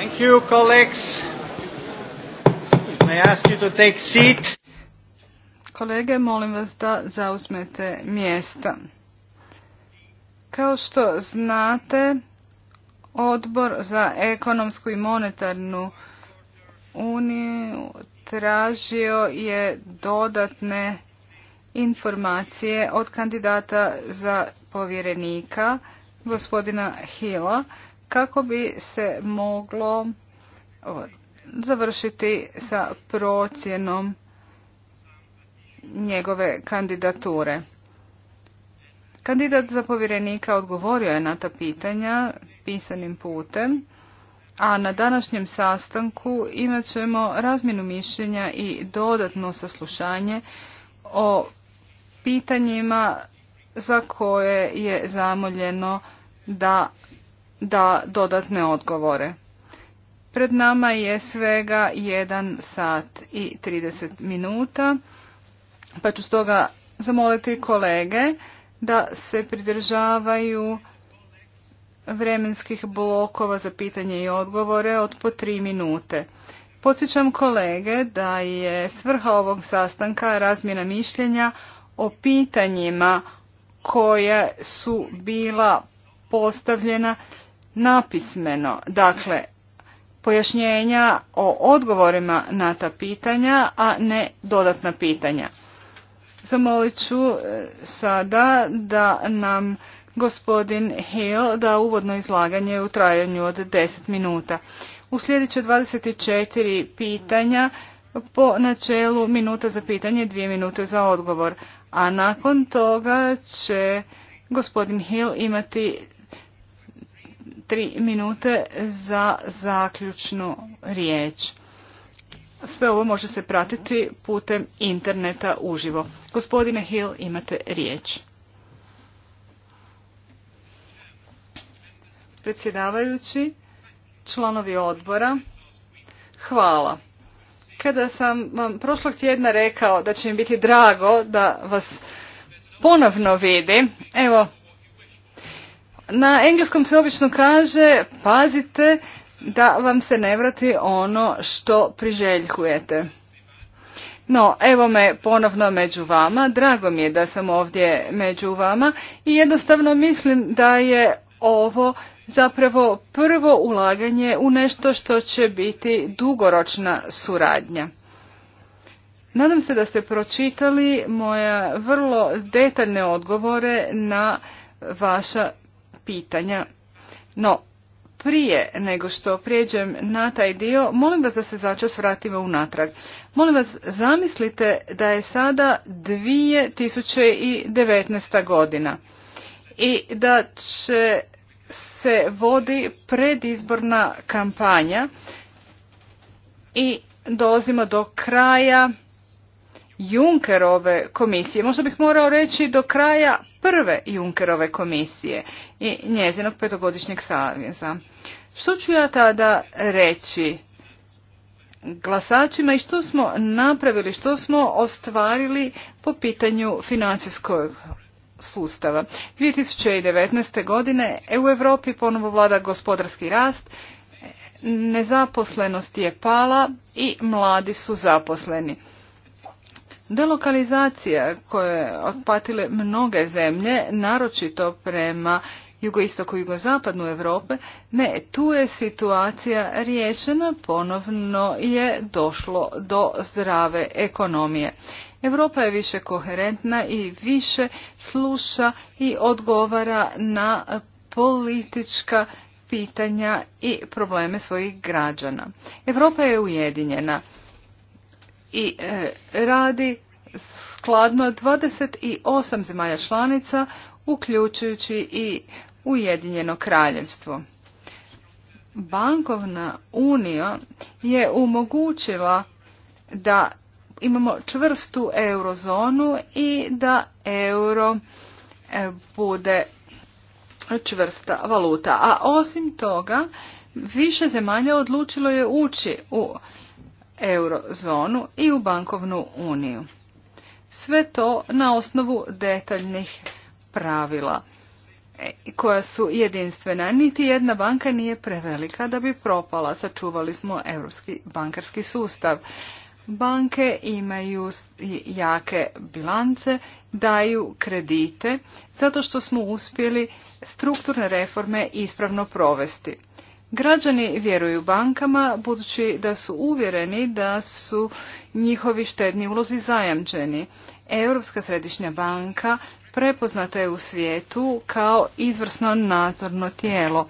Thank you, colleagues. I ask to take seat? Kolege, molim vas da zauzmete mjesta. Kao što znate, odbor za ekonomsku i monetarnu uniju tražio je dodatne informacije od kandidata za povjerenika, gospodina Hila, kako bi se moglo završiti sa procjenom njegove kandidature. Kandidat za povjerenika odgovorio je na ta pitanja pisanim putem, a na današnjem sastanku imat ćemo razmjenu mišljenja i dodatno saslušanje o pitanjima za koje je zamoljeno da da dodatne odgovore. Pred nama je svega 1 sat i 30 minuta, pa ću stoga zamoliti kolege da se pridržavaju vremenskih blokova za pitanje i odgovore od po 3 minute. Podsjećam kolege da je svrha ovog sastanka razmjena mišljenja o pitanjima koja su bila postavljena napismeno. Dakle, pojašnjenja o odgovorima na ta pitanja, a ne dodatna pitanja. Zamolit ću e, sada da nam gospodin Hill da uvodno izlaganje u trajanju od 10 minuta. U sljedeće 24 pitanja po načelu minuta za pitanje, dvije minute za odgovor. A nakon toga će gospodin Hill imati tri minute za zaključnu riječ. Sve ovo može se pratiti putem interneta uživo. Gospodine Hill, imate riječ. Predsjedavajući, članovi odbora, hvala. Kada sam vam prošlog tjedna rekao da će mi biti drago da vas ponovno vidim, evo, na engleskom se obično kaže pazite da vam se ne vrati ono što priželjkujete. No, evo me ponovno među vama. Drago mi je da sam ovdje među vama i jednostavno mislim da je ovo zapravo prvo ulaganje u nešto što će biti dugoročna suradnja. Nadam se da ste pročitali moja vrlo detaljne odgovore na vaša pitanja. No, prije nego što prijeđem na taj dio, molim vas da se začas vratimo unatrag. Molim vas, zamislite da je sada 2019. godina i da će se vodi predizborna kampanja i dolazimo do kraja Junckerove komisije. Možda bih morao reći do kraja prve Junkerove komisije i njezinog petogodišnjeg savjeza. Što ću ja tada reći glasačima i što smo napravili, što smo ostvarili po pitanju financijskog sustava. 2019. godine u Europi ponovo vlada gospodarski rast, nezaposlenost je pala i mladi su zaposleni. Delokalizacija koje je otpatile mnoge zemlje, naročito prema jugoistoku i jugozapadnu Europe, ne, tu je situacija riješena, ponovno je došlo do zdrave ekonomije. Europa je više koherentna i više sluša i odgovara na politička pitanja i probleme svojih građana. Europa je ujedinjena i e, radi skladno 28 zemalja članica, uključujući i Ujedinjeno kraljevstvo. Bankovna unija je omogućila da imamo čvrstu eurozonu i da euro e, bude čvrsta valuta. A osim toga, više zemalja odlučilo je ući u eurozonu i u bankovnu uniju. Sve to na osnovu detaljnih pravila e, koja su jedinstvena. Niti jedna banka nije prevelika da bi propala. Sačuvali smo europski bankarski sustav. Banke imaju jake bilance, daju kredite, zato što smo uspjeli strukturne reforme ispravno provesti. Građani vjeruju bankama budući da su uvjereni da su njihovi štedni ulozi zajamčeni. Europska središnja banka prepoznata je u svijetu kao izvrsno nadzorno tijelo.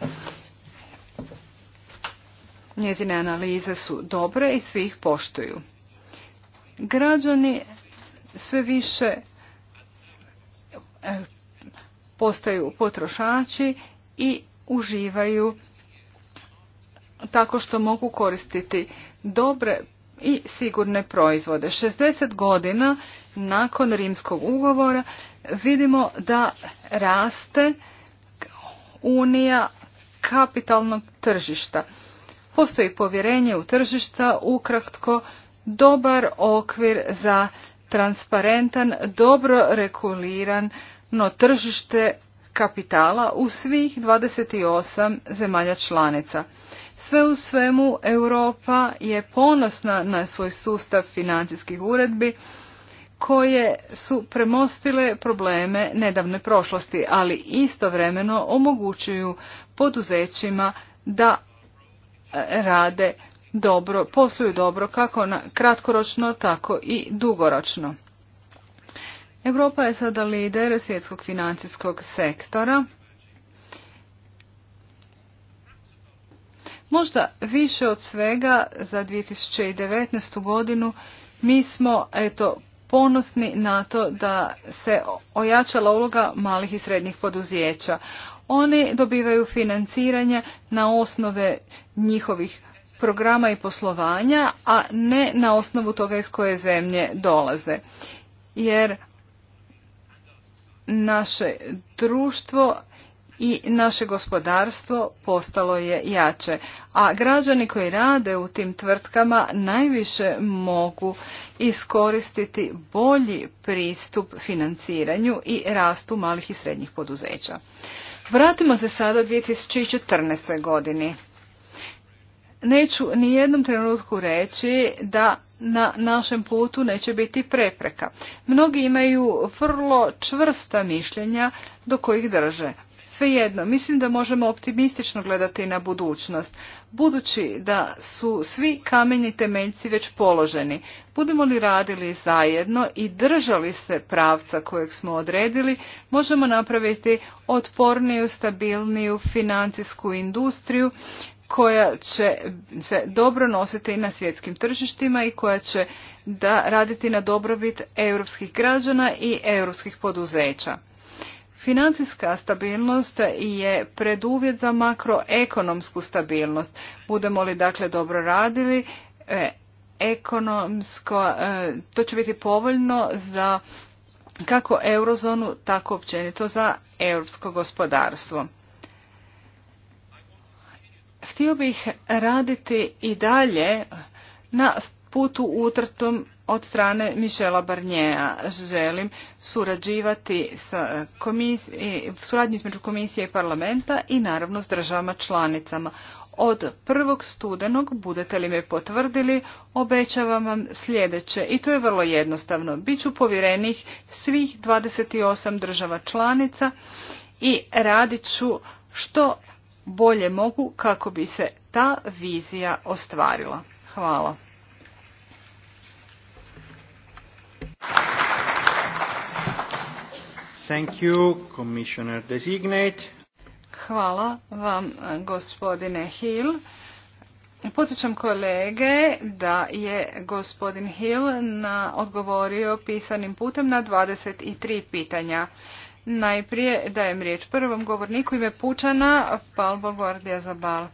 Njezine analize su dobre i svi ih poštuju. Građani sve više e, postaju potrošači i uživaju tako što mogu koristiti dobre i sigurne proizvode. 60 godina nakon rimskog ugovora vidimo da raste unija kapitalnog tržišta. Postoji povjerenje u tržišta, ukratko dobar okvir za transparentan, dobro reguliran no tržište kapitala u svih 28 zemalja članica. Sve u svemu Europa je ponosna na svoj sustav financijskih uredbi koje su premostile probleme nedavne prošlosti, ali istovremeno omogućuju poduzećima da e, rade dobro, posluju dobro kako kratkoročno, tako i dugoročno. Europa je sada lider svjetskog financijskog sektora Možda više od svega za 2019. godinu mi smo eto ponosni na to da se ojačala uloga malih i srednjih poduzeća. Oni dobivaju financiranje na osnove njihovih programa i poslovanja, a ne na osnovu toga iz koje zemlje dolaze. Jer naše društvo i naše gospodarstvo postalo je jače. A građani koji rade u tim tvrtkama najviše mogu iskoristiti bolji pristup financiranju i rastu malih i srednjih poduzeća. Vratimo se sada 2014. godini. Neću ni jednom trenutku reći da na našem putu neće biti prepreka. Mnogi imaju vrlo čvrsta mišljenja do kojih drže. Svejedno, mislim da možemo optimistično gledati na budućnost, budući da su svi kameni temeljci već položeni. Budemo li radili zajedno i držali se pravca kojeg smo odredili, možemo napraviti otporniju, stabilniju financijsku industriju koja će se dobro nositi na svjetskim tržištima i koja će da raditi na dobrobit europskih građana i europskih poduzeća. Financijska stabilnost je preduvjet za makroekonomsku stabilnost. Budemo li dakle dobro radili, e, ekonomsko, e, to će biti povoljno za kako eurozonu, tako općenito za europsko gospodarstvo. Htio bih raditi i dalje na putu utrtom od strane Mišela Barnjeja. Želim surađivati sa komisij, suradnju između komisije i parlamenta i naravno s državama članicama. Od prvog studenog, budete li me potvrdili, obećavam vam sljedeće i to je vrlo jednostavno. Biću povjerenih svih 28 država članica i radit ću što bolje mogu kako bi se ta vizija ostvarila. Hvala. Thank you, Commissioner Designate. Hvala vam, gospodine Hill. Podsjećam kolege da je gospodin Hill na, odgovorio pisanim putem na 23 pitanja. Najprije dajem riječ prvom govorniku ime Pučana, Palbo Guardia Zabal.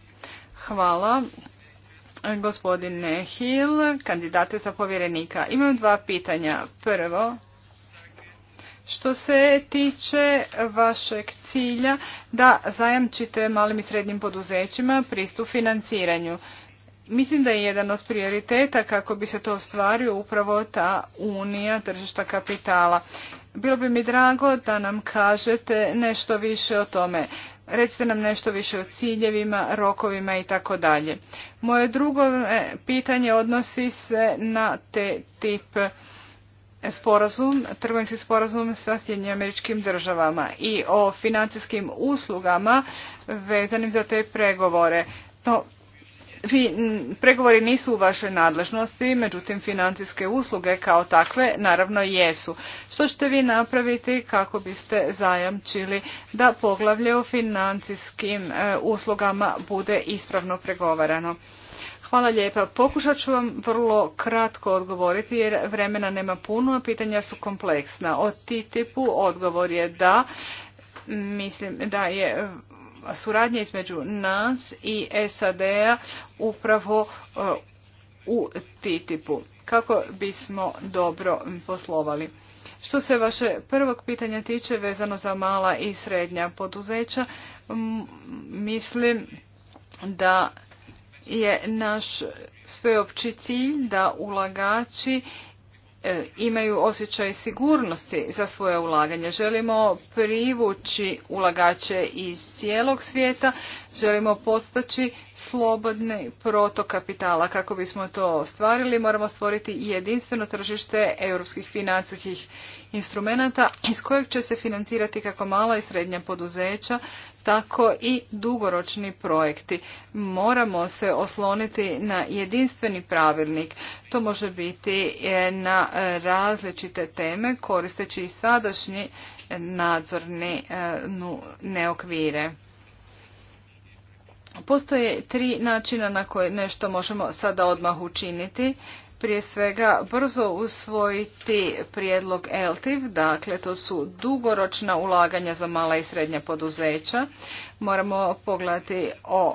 Hvala gospodine Hill, kandidate za povjerenika. Imam dva pitanja. Prvo, što se tiče vašeg cilja da zajamčite malim i srednjim poduzećima pristup financiranju, mislim da je jedan od prioriteta kako bi se to ostvario upravo ta unija tržišta kapitala. Bilo bi mi drago da nam kažete nešto više o tome. Recite nam nešto više o ciljevima, rokovima i tako dalje. Moje drugo e, pitanje odnosi se na te tip sporazum, trgovinski sporazum sa Sjedinjenim američkim državama i o financijskim uslugama vezanim za te pregovore. To pregovori nisu u vašoj nadležnosti, međutim financijske usluge kao takve naravno jesu. Što ćete vi napraviti kako biste zajamčili da poglavlje o financijskim e, uslugama bude ispravno pregovarano? Hvala lijepa. Pokušat ću vam vrlo kratko odgovoriti jer vremena nema puno, a pitanja su kompleksna. O TTIP-u odgovor je da, mislim da je suradnja između nas i SAD-a upravo uh, u TTIP-u kako bismo dobro poslovali. Što se vaše prvog pitanja tiče vezano za mala i srednja poduzeća, mislim da je naš sveopći cilj da ulagači e, imaju osjećaj sigurnosti za svoje ulaganje. Želimo privući ulagače iz cijelog svijeta, želimo postaći slobodni protok kapitala. Kako bismo to ostvarili, moramo stvoriti jedinstveno tržište europskih financijskih instrumenata iz kojeg će se financirati kako mala i srednja poduzeća, tako i dugoročni projekti. Moramo se osloniti na jedinstveni pravilnik. To može biti e, na e, različite teme koristeći i sadašnji nadzorni e, neokvire. Postoje tri načina na koje nešto možemo sada odmah učiniti prije svega brzo usvojiti prijedlog ELTIV, dakle to su dugoročna ulaganja za mala i srednja poduzeća. Moramo pogledati o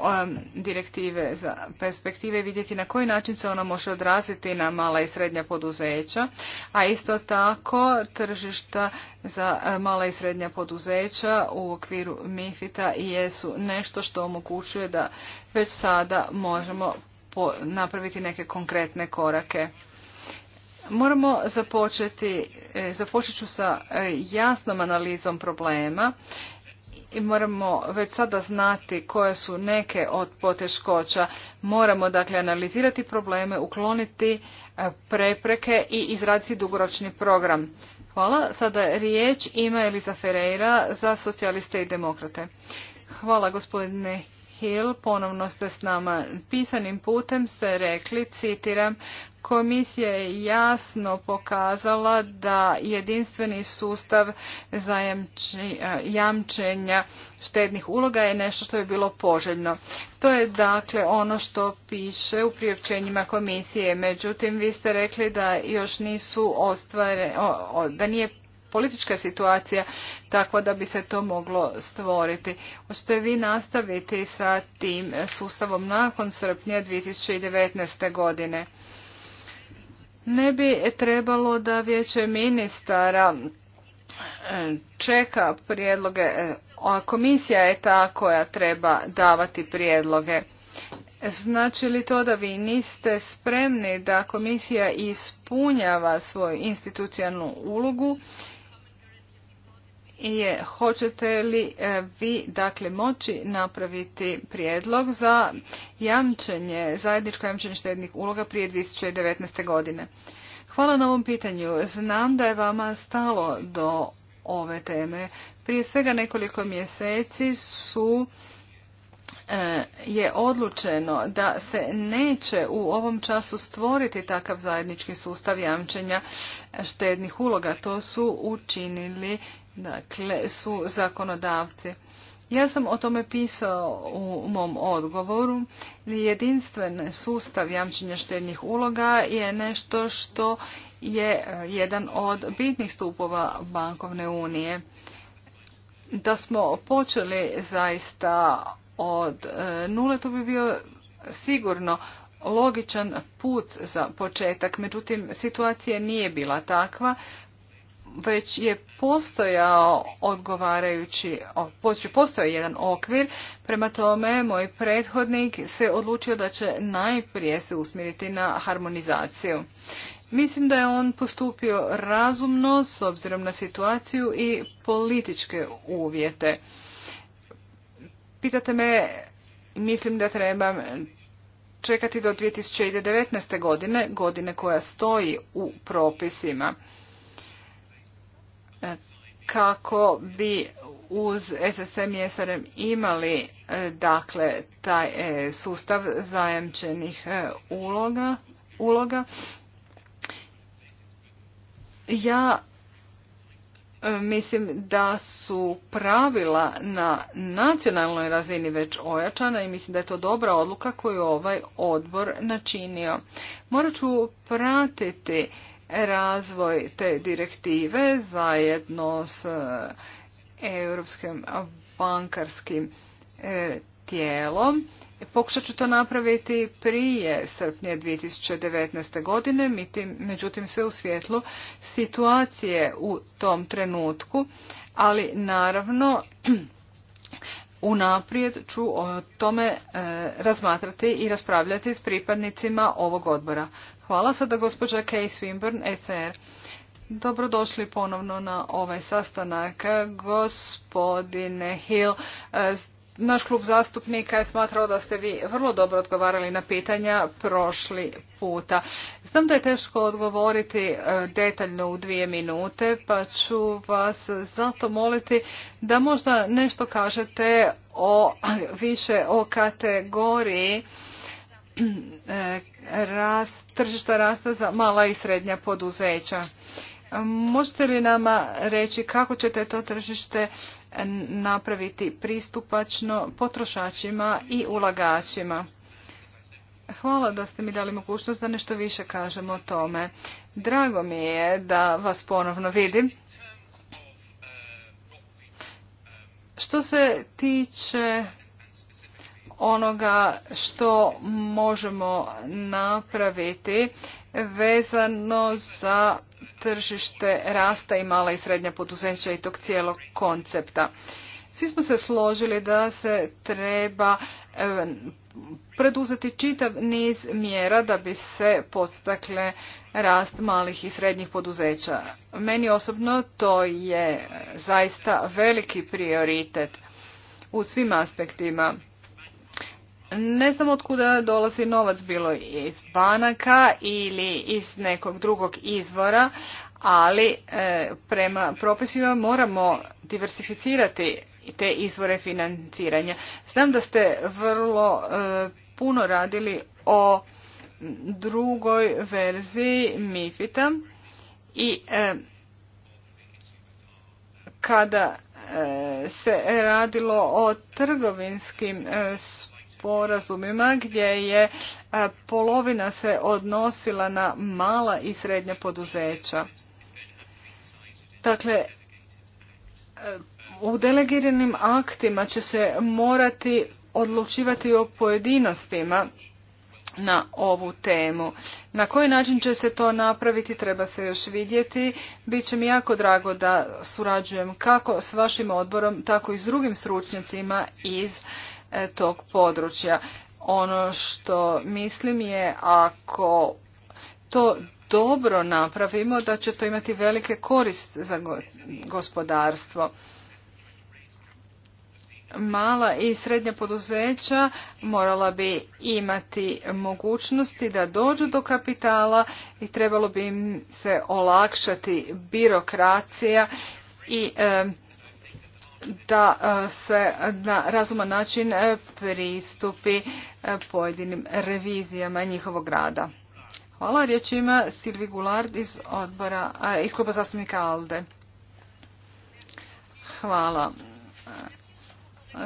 direktive za perspektive i vidjeti na koji način se ona može odraziti na mala i srednja poduzeća, a isto tako tržišta za mala i srednja poduzeća u okviru MIFITA jesu nešto što omogućuje da već sada možemo napraviti neke konkretne korake. Moramo započeti, e, započet ću sa e, jasnom analizom problema i moramo već sada znati koje su neke od poteškoća. Moramo dakle analizirati probleme, ukloniti e, prepreke i izraditi dugoročni program. Hvala. Sada riječ ima Eliza Ferreira za socijaliste i demokrate. Hvala gospodine Hill, ponovno ste s nama. Pisanim putem ste rekli, citiram, komisija je jasno pokazala da jedinstveni sustav jamčenja štednih uloga je nešto što je bilo poželjno. To je dakle ono što piše u priopćenjima komisije. Međutim, vi ste rekli da još nisu ostvare, da nije politička situacija takva da bi se to moglo stvoriti. Hoćete vi nastaviti sa tim sustavom nakon srpnja 2019. godine? Ne bi trebalo da vijeće ministara e, čeka prijedloge, e, a komisija je ta koja treba davati prijedloge. Znači li to da vi niste spremni da komisija ispunjava svoju institucionalnu ulogu je hoćete li e, vi dakle moći napraviti prijedlog za jamčenje, zajedničko jamčenje štednih uloga prije 2019. godine. Hvala na ovom pitanju. Znam da je vama stalo do ove teme. Prije svega nekoliko mjeseci su e, je odlučeno da se neće u ovom času stvoriti takav zajednički sustav jamčenja štednih uloga. To su učinili dakle, su zakonodavci. Ja sam o tome pisao u mom odgovoru. Jedinstven sustav jamčenja štednih uloga je nešto što je eh, jedan od bitnih stupova bankovne unije. Da smo počeli zaista od eh, nule, to bi bio sigurno logičan put za početak. Međutim, situacija nije bila takva, već je postojao odgovarajući, postojao jedan okvir, prema tome moj prethodnik se odlučio da će najprije se usmjeriti na harmonizaciju. Mislim da je on postupio razumno s obzirom na situaciju i političke uvjete. Pitate me, mislim da trebam čekati do 2019. godine, godine koja stoji u propisima kako bi uz SSM i SRM imali e, dakle taj e, sustav zajamčenih e, uloga, uloga. Ja mislim da su pravila na nacionalnoj razini već ojačana i mislim da je to dobra odluka koju je ovaj odbor načinio. Morat ću pratiti razvoj te direktive zajedno s e, Europskim bankarskim e, tijelom. Pokušat ću to napraviti prije srpnje 2019. godine, međutim sve u svjetlu situacije u tom trenutku, ali naravno unaprijed ću o tome e, razmatrati i raspravljati s pripadnicima ovog odbora. Hvala sada gospođa Kay Swinburne, ECR. Dobrodošli ponovno na ovaj sastanak. Gospodine Hill, e, naš klub zastupnika je smatrao da ste vi vrlo dobro odgovarali na pitanja prošli puta. Znam da je teško odgovoriti e, detaljno u dvije minute, pa ću vas zato moliti da možda nešto kažete o više o kategoriji e, rast, tržišta rasta za mala i srednja poduzeća. Možete li nama reći kako ćete to tržište napraviti pristupačno potrošačima i ulagačima. Hvala da ste mi dali mogućnost da nešto više kažem o tome. Drago mi je da vas ponovno vidim. Što se tiče onoga što možemo napraviti vezano za tržište rasta i mala i srednja poduzeća i tog cijelog koncepta. Svi smo se složili da se treba e, preduzeti čitav niz mjera da bi se podstakle rast malih i srednjih poduzeća. Meni osobno to je zaista veliki prioritet u svim aspektima ne znam otkuda dolazi novac, bilo iz banaka ili iz nekog drugog izvora, ali e, prema propisima moramo diversificirati te izvore financiranja. Znam da ste vrlo e, puno radili o drugoj verziji MIFITA i e, kada se radilo o trgovinskim sporazumima gdje je e, polovina se odnosila na mala i srednja poduzeća. Dakle, e, u delegiranim aktima će se morati odlučivati o pojedinostima na ovu temu. Na koji način će se to napraviti treba se još vidjeti. Biće mi jako drago da surađujem kako s vašim odborom, tako i s drugim stručnjacima iz E, tog područja. Ono što mislim je ako to dobro napravimo da će to imati velike korist za gospodarstvo. Mala i srednja poduzeća morala bi imati mogućnosti da dođu do kapitala i trebalo bi im se olakšati birokracija i e, da e, se na razuman način e, pristupi e, pojedinim revizijama njihovog rada. Hvala, riječ ima Silvi Gulard iz, odbora, iz kluba zastupnika ALDE. Hvala.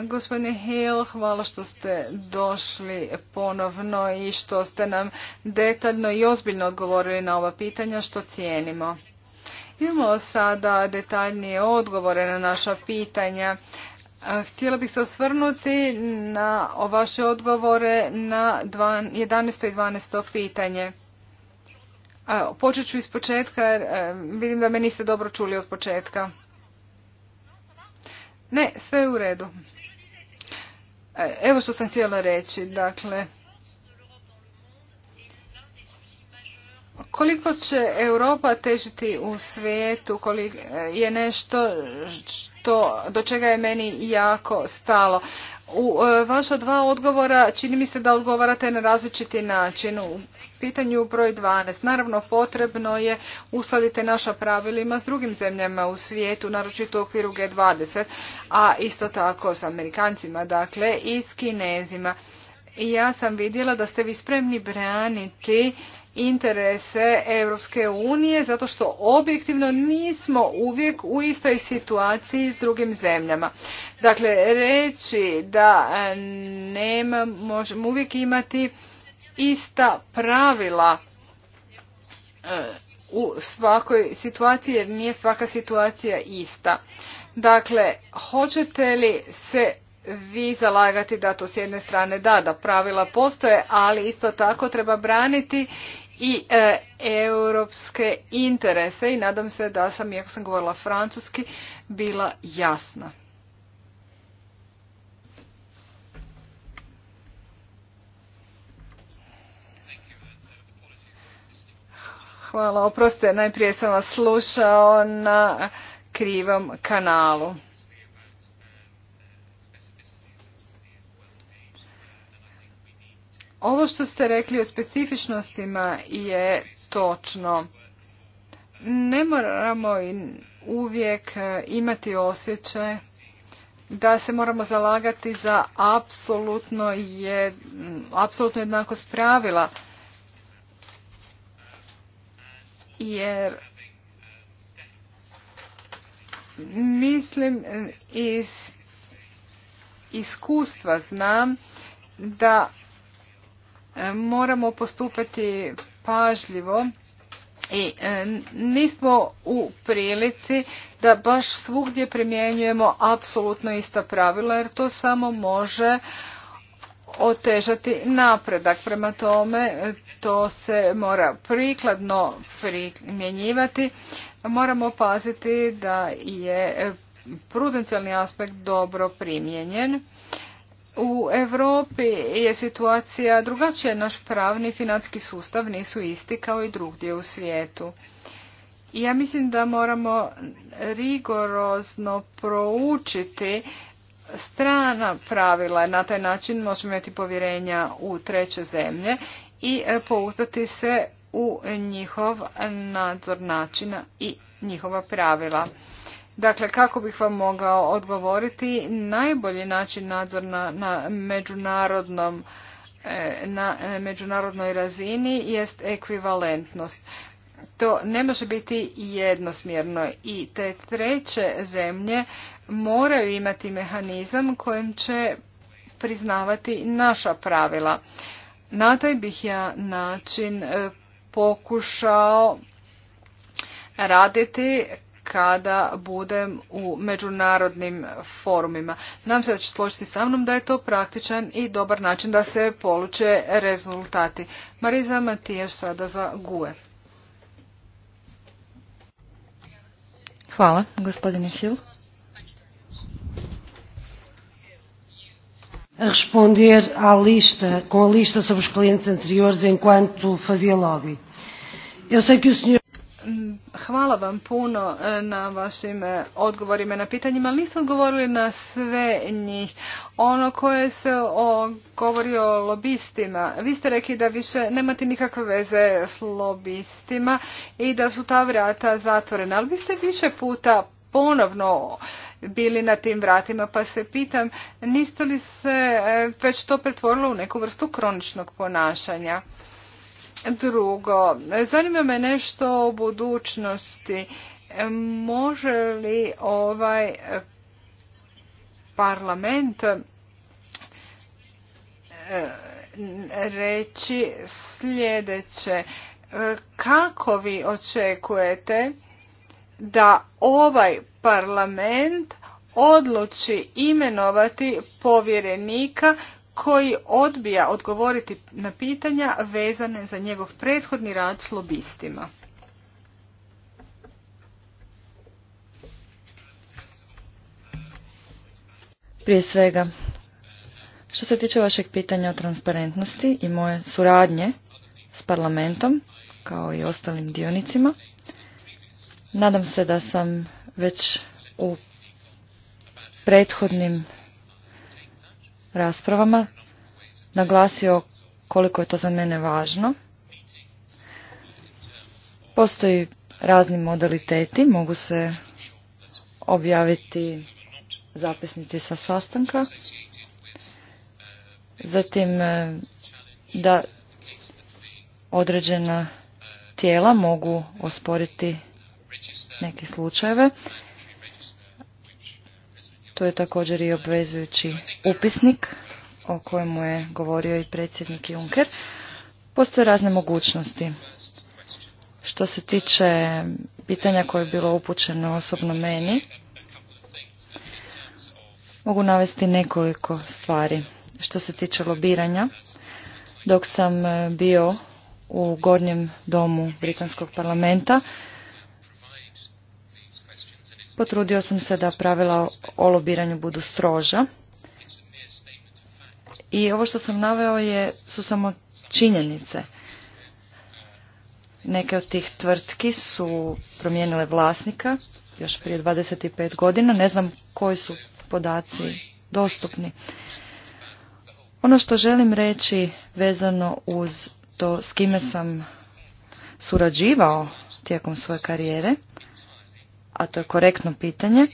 Gospodine Hill, hvala što ste došli ponovno i što ste nam detaljno i ozbiljno odgovorili na ova pitanja, što cijenimo. Imamo sada detaljnije odgovore na naša pitanja. Htjela bih se osvrnuti na vaše odgovore na 11. i 12. pitanje. Počet ću iz početka jer e, vidim da me niste dobro čuli od početka. Ne, sve je u redu. E, evo što sam htjela reći. Dakle, Koliko će Europa težiti u svijetu koliko eh, je nešto što, do čega je meni jako stalo. U eh, vaša dva odgovora čini mi se da odgovarate na različiti način. U pitanju broj 12. Naravno potrebno je uskladiti naša pravilima s drugim zemljama u svijetu, naročito u okviru G20, a isto tako s Amerikancima, dakle i s Kinezima ja sam vidjela da ste vi spremni braniti interese Europske unije zato što objektivno nismo uvijek u istoj situaciji s drugim zemljama. Dakle, reći da e, nema, možemo uvijek imati ista pravila e, u svakoj situaciji jer nije svaka situacija ista. Dakle, hoćete li se vi zalagati da to s jedne strane da, da pravila postoje, ali isto tako treba braniti i e, europske interese i nadam se da sam, iako sam govorila francuski, bila jasna. Hvala, oprostite, najprije sam vas slušao na krivom kanalu. Ovo što ste rekli o specifičnostima je točno. Ne moramo uvijek e, imati osjećaj da se moramo zalagati za apsolutno, jed, apsolutno jednakost pravila. Jer mislim e, iz iskustva znam da moramo postupati pažljivo i e, nismo u prilici da baš svugdje primjenjujemo apsolutno ista pravila jer to samo može otežati napredak. Prema tome, to se mora prikladno primjenjivati. Moramo paziti da je prudencijalni aspekt dobro primjenjen u Europi je situacija drugačija, naš pravni i financijski sustav nisu isti kao i drugdje u svijetu. I ja mislim da moramo rigorozno proučiti strana pravila. Na taj način možemo imati povjerenja u treće zemlje i e, pouzdati se u njihov nadzor načina i njihova pravila. Dakle, kako bih vam mogao odgovoriti, najbolji način nadzora na, na međunarodnom e, na e, međunarodnoj razini jest ekvivalentnost. To ne može biti jednosmjerno i te treće zemlje moraju imati mehanizam kojim će priznavati naša pravila. Na taj bih ja način e, pokušao raditi kada budem u međunarodnim forumima. Nam se da će složiti sa mnom da je to praktičan i dobar način da se poluče rezultati. Mariza Matiješ sada za GUE. Hvala, gospodine Hill. a responder à lista, com a lista sobre os clientes anteriores enquanto fazia lobby. Eu sei que o senhor... Mm, hvala vam puno e, na vašim e, odgovorima na pitanjima, ali niste odgovorili na sve njih. Ono koje se govori o lobistima, vi ste rekli da više nemate nikakve veze s lobistima i da su ta vrata zatvorena, ali vi ste više puta ponovno bili na tim vratima, pa se pitam, niste li se e, već to pretvorilo u neku vrstu kroničnog ponašanja? Drugo, zanima me nešto o budućnosti. Može li ovaj parlament e, reći sljedeće? Kako vi očekujete da ovaj parlament odluči imenovati povjerenika koji odbija odgovoriti na pitanja vezane za njegov prethodni rad s lobistima. Prije svega, što se tiče vašeg pitanja o transparentnosti i moje suradnje s parlamentom, kao i ostalim dionicima, nadam se da sam već u prethodnim raspravama naglasio koliko je to za mene važno. Postoji razni modaliteti, mogu se objaviti zapisnici sa sastanka. Zatim e, da određena tijela mogu osporiti neke slučajeve. To je također i obvezujući upisnik o kojemu je govorio i predsjednik Juncker. Postoje razne mogućnosti. Što se tiče pitanja koje je bilo upućeno osobno meni, mogu navesti nekoliko stvari. Što se tiče lobiranja, dok sam bio u gornjem domu Britanskog parlamenta, Potrudio sam se da pravila o lobiranju budu stroža. I ovo što sam naveo je, su samo činjenice. Neke od tih tvrtki su promijenile vlasnika još prije 25 godina. Ne znam koji su podaci dostupni. Ono što želim reći vezano uz to s kime sam surađivao tijekom svoje karijere a to je korektno pitanje.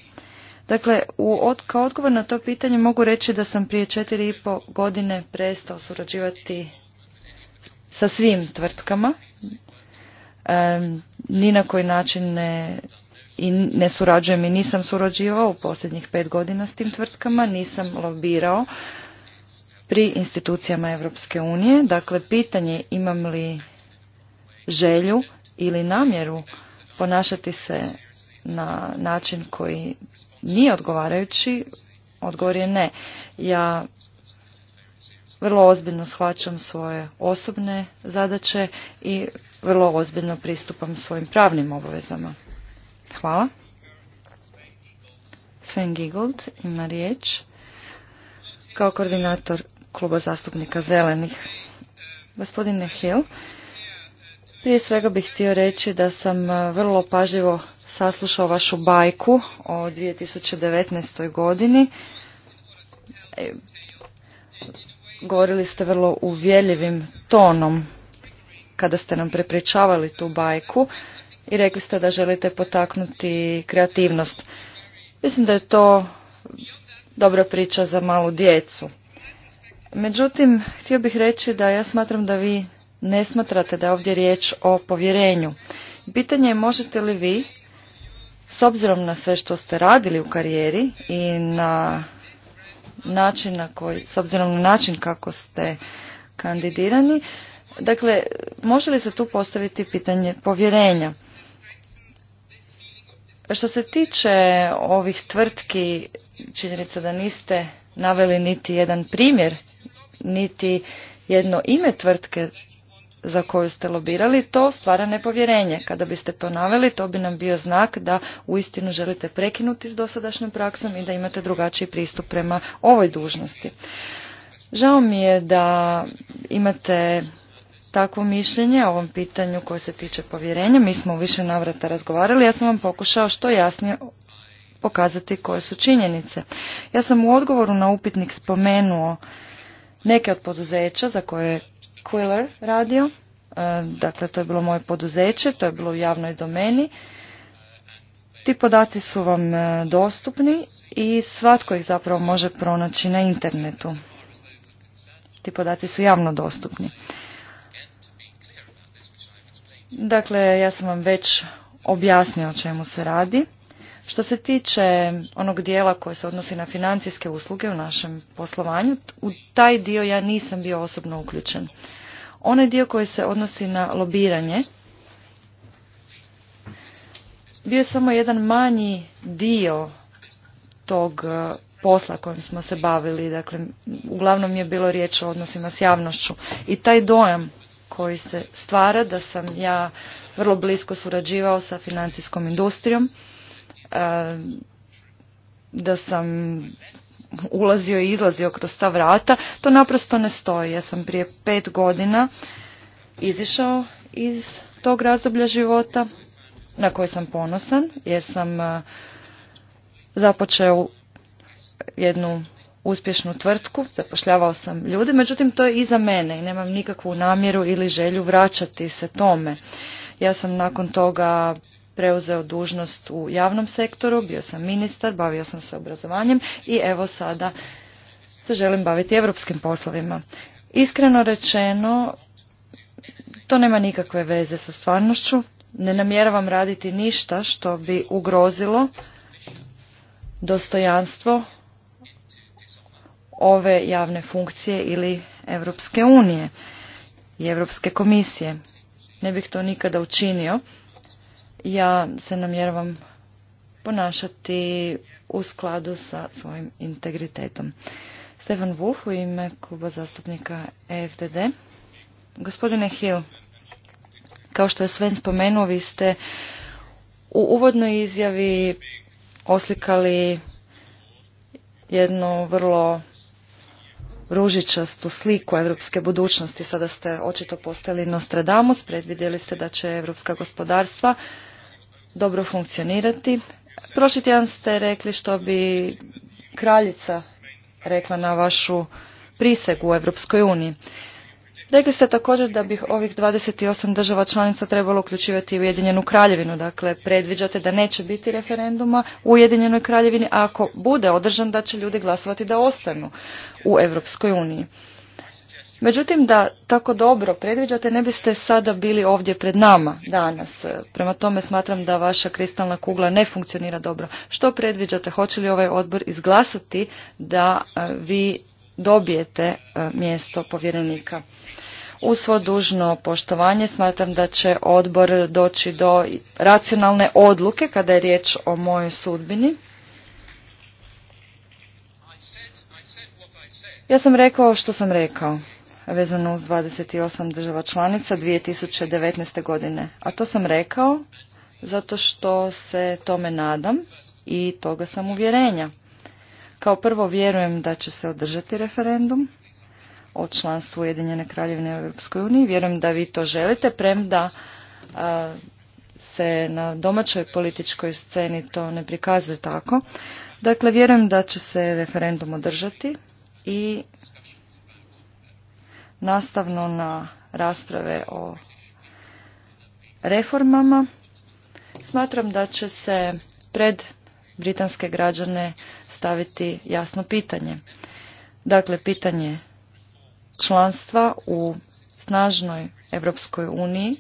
Dakle, u, kao odgovor na to pitanje mogu reći da sam prije četiri i po godine prestao surađivati sa svim tvrtkama. ni na koji način ne, i ne surađujem i nisam surađivao u posljednjih pet godina s tim tvrtkama, nisam lobirao pri institucijama Europske unije. Dakle, pitanje imam li želju ili namjeru ponašati se na način koji nije odgovarajući, odgovor je ne. Ja vrlo ozbiljno shvaćam svoje osobne zadaće i vrlo ozbiljno pristupam svojim pravnim obavezama. Hvala. Sven Giggold ima riječ kao koordinator kluba zastupnika Zelenih. Gospodine Hill, prije svega bih htio reći da sam vrlo pažljivo saslušao vašu bajku o 2019. godini. E, govorili ste vrlo uvjeljivim tonom kada ste nam prepričavali tu bajku i rekli ste da želite potaknuti kreativnost. Mislim da je to dobra priča za malu djecu. Međutim, htio bih reći da ja smatram da vi ne smatrate da je ovdje riječ o povjerenju. Pitanje je možete li vi s obzirom na sve što ste radili u karijeri i na način na koji, s obzirom na način kako ste kandidirani, dakle, može li se tu postaviti pitanje povjerenja? Što se tiče ovih tvrtki, činjenica da niste naveli niti jedan primjer, niti jedno ime tvrtke za koju ste lobirali, to stvara nepovjerenje. Kada biste to naveli, to bi nam bio znak da uistinu želite prekinuti s dosadašnjom praksom i da imate drugačiji pristup prema ovoj dužnosti. Žao mi je da imate takvo mišljenje o ovom pitanju koje se tiče povjerenja. Mi smo u više navrata razgovarali. Ja sam vam pokušao što jasnije pokazati koje su činjenice. Ja sam u odgovoru na upitnik spomenuo neke od poduzeća za koje Quiller radio, e, dakle to je bilo moje poduzeće, to je bilo u javnoj domeni. Ti podaci su vam e, dostupni i svatko ih zapravo može pronaći na internetu. Ti podaci su javno dostupni. Dakle, ja sam vam već objasnio o čemu se radi. Što se tiče onog dijela koje se odnosi na financijske usluge u našem poslovanju, u taj dio ja nisam bio osobno uključen. Onaj dio koji se odnosi na lobiranje bio je samo jedan manji dio tog e, posla kojim smo se bavili. Dakle, uglavnom je bilo riječ o odnosima s javnošću. I taj dojam koji se stvara da sam ja vrlo blisko surađivao sa financijskom industrijom, Eh, da sam ulazio i izlazio kroz ta vrata, to naprosto ne stoji. Ja sam prije pet godina izišao iz tog razdoblja života na koje sam ponosan, jer sam eh, započeo jednu uspješnu tvrtku, zapošljavao sam ljude, međutim to je iza mene i nemam nikakvu namjeru ili želju vraćati se tome. Ja sam nakon toga preuzeo dužnost u javnom sektoru, bio sam ministar, bavio sam se obrazovanjem i evo sada se želim baviti europskim poslovima. Iskreno rečeno, to nema nikakve veze sa stvarnošću. Ne namjeravam raditi ništa što bi ugrozilo dostojanstvo ove javne funkcije ili Evropske unije i Europske komisije. Ne bih to nikada učinio ja se namjeravam ponašati u skladu sa svojim integritetom. Stefan Wolf u ime kluba zastupnika EFDD. Gospodine Hill, kao što je Sven spomenuo, vi ste u uvodnoj izjavi oslikali jednu vrlo ružičastu sliku evropske budućnosti. Sada ste očito postali Nostradamus, predvidjeli ste da će evropska gospodarstva dobro funkcionirati. Prošli tjedan ste rekli što bi kraljica rekla na vašu prisegu u Europskoj uniji. Rekli ste također da bi ovih 28 država članica trebalo uključivati Ujedinjenu kraljevinu. Dakle, predviđate da neće biti referenduma u Ujedinjenoj kraljevini, a ako bude održan da će ljudi glasovati da ostanu u Europskoj uniji. Međutim, da tako dobro predviđate, ne biste sada bili ovdje pred nama danas. Prema tome smatram da vaša kristalna kugla ne funkcionira dobro. Što predviđate? Hoće li ovaj odbor izglasati da e, vi dobijete e, mjesto povjerenika? U svo dužno poštovanje smatram da će odbor doći do racionalne odluke kada je riječ o mojoj sudbini. Ja sam rekao što sam rekao vezano uz 28 država članica 2019. godine. A to sam rekao zato što se tome nadam i toga sam uvjerenja. Kao prvo vjerujem da će se održati referendum o članstvu Ujedinjene kraljevine u Europskoj uniji. Vjerujem da vi to želite, premda a, se na domaćoj političkoj sceni to ne prikazuje tako. Dakle, vjerujem da će se referendum održati i nastavno na rasprave o reformama. Smatram da će se pred britanske građane staviti jasno pitanje. Dakle, pitanje članstva u snažnoj Europskoj uniji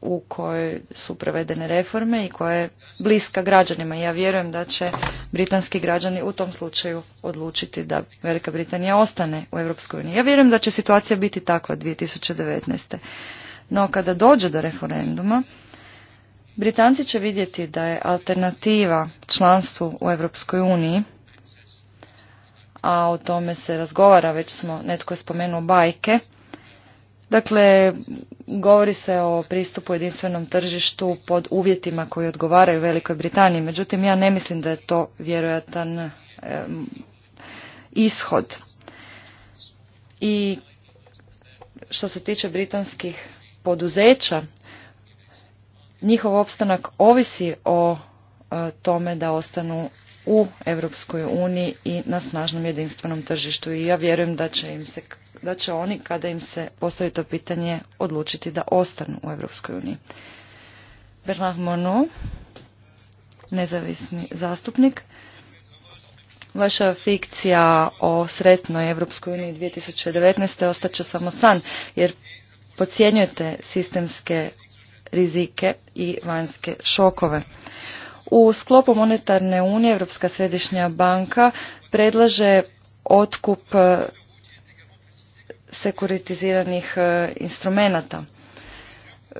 u kojoj su provedene reforme i koja je bliska građanima. Ja vjerujem da će britanski građani u tom slučaju odlučiti da Velika Britanija ostane u EU. Ja vjerujem da će situacija biti takva 2019. No kada dođe do referenduma, Britanci će vidjeti da je alternativa članstvu u EU, a o tome se razgovara, već smo netko je spomenuo bajke, Dakle, govori se o pristupu jedinstvenom tržištu pod uvjetima koji odgovaraju Velikoj Britaniji. Međutim, ja ne mislim da je to vjerojatan ishod. I što se tiče britanskih poduzeća, njihov opstanak ovisi o e, tome da ostanu u Europskoj uniji i na snažnom jedinstvenom tržištu i ja vjerujem da će, im se, da oni kada im se postavi to pitanje odlučiti da ostanu u Europskoj uniji. Bernard Monod, nezavisni zastupnik. Vaša fikcija o sretnoj Europskoj uniji 2019. ostaće samo san, jer podcjenjujete sistemske rizike i vanjske šokove. U sklopu monetarne unije Europska središnja banka predlaže otkup e, sekuritiziranih e, instrumenata.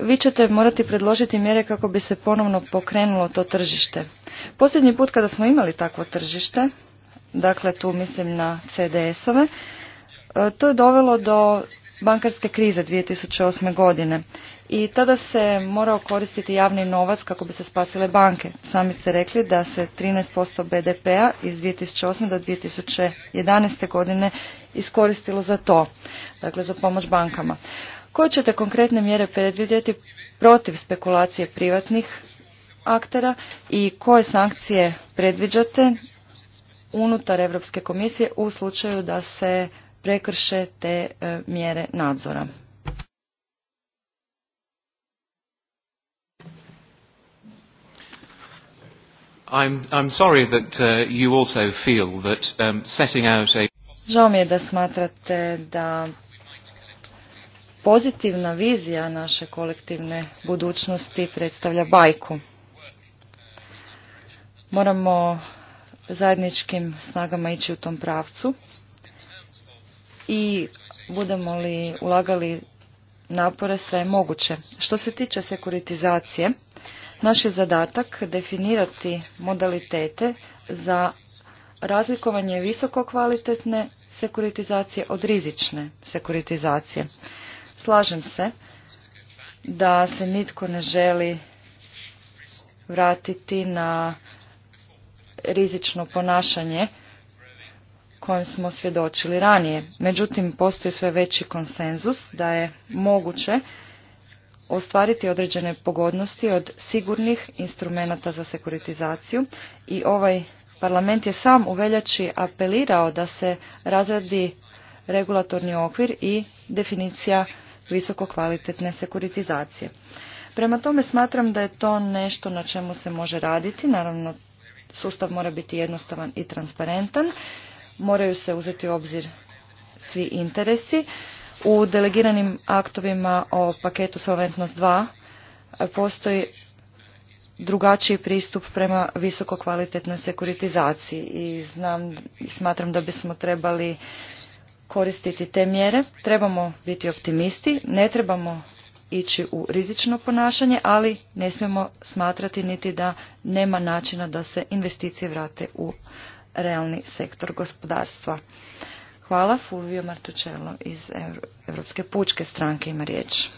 Vi ćete morati predložiti mjere kako bi se ponovno pokrenulo to tržište. Posljednji put kada smo imali takvo tržište, dakle tu mislim na CDS-ove, e, to je dovelo do bankarske krize 2008. godine i tada se morao koristiti javni novac kako bi se spasile banke. Sami ste rekli da se 13% BDP-a iz 2008. do 2011. godine iskoristilo za to, dakle za pomoć bankama. Koje ćete konkretne mjere predvidjeti protiv spekulacije privatnih aktera i koje sankcije predviđate unutar Europske komisije u slučaju da se prekrše te e, mjere nadzora? Žao mi je da smatrate da pozitivna vizija naše kolektivne budućnosti predstavlja bajku. Moramo zajedničkim snagama ići u tom pravcu i budemo li ulagali napore sve moguće. Što se tiče sekuritizacije, naš je zadatak definirati modalitete za razlikovanje visokokvalitetne sekuritizacije od rizične sekuritizacije. Slažem se da se nitko ne želi vratiti na rizično ponašanje kojem smo svjedočili ranije. Međutim, postoji sve veći konsenzus da je moguće ostvariti određene pogodnosti od sigurnih instrumenata za sekuritizaciju i ovaj parlament je sam u veljači apelirao da se razradi regulatorni okvir i definicija visokokvalitetne sekuritizacije. Prema tome smatram da je to nešto na čemu se može raditi. Naravno, sustav mora biti jednostavan i transparentan. Moraju se uzeti u obzir svi interesi. U delegiranim aktovima o paketu Solventnost 2 e, postoji drugačiji pristup prema visoko kvalitetnoj sekuritizaciji i znam smatram da bismo trebali koristiti te mjere. Trebamo biti optimisti, ne trebamo ići u rizično ponašanje, ali ne smijemo smatrati niti da nema načina da se investicije vrate u realni sektor gospodarstva. Hvala. Fulvio Martučelo iz Europske pučke stranke ima riječ.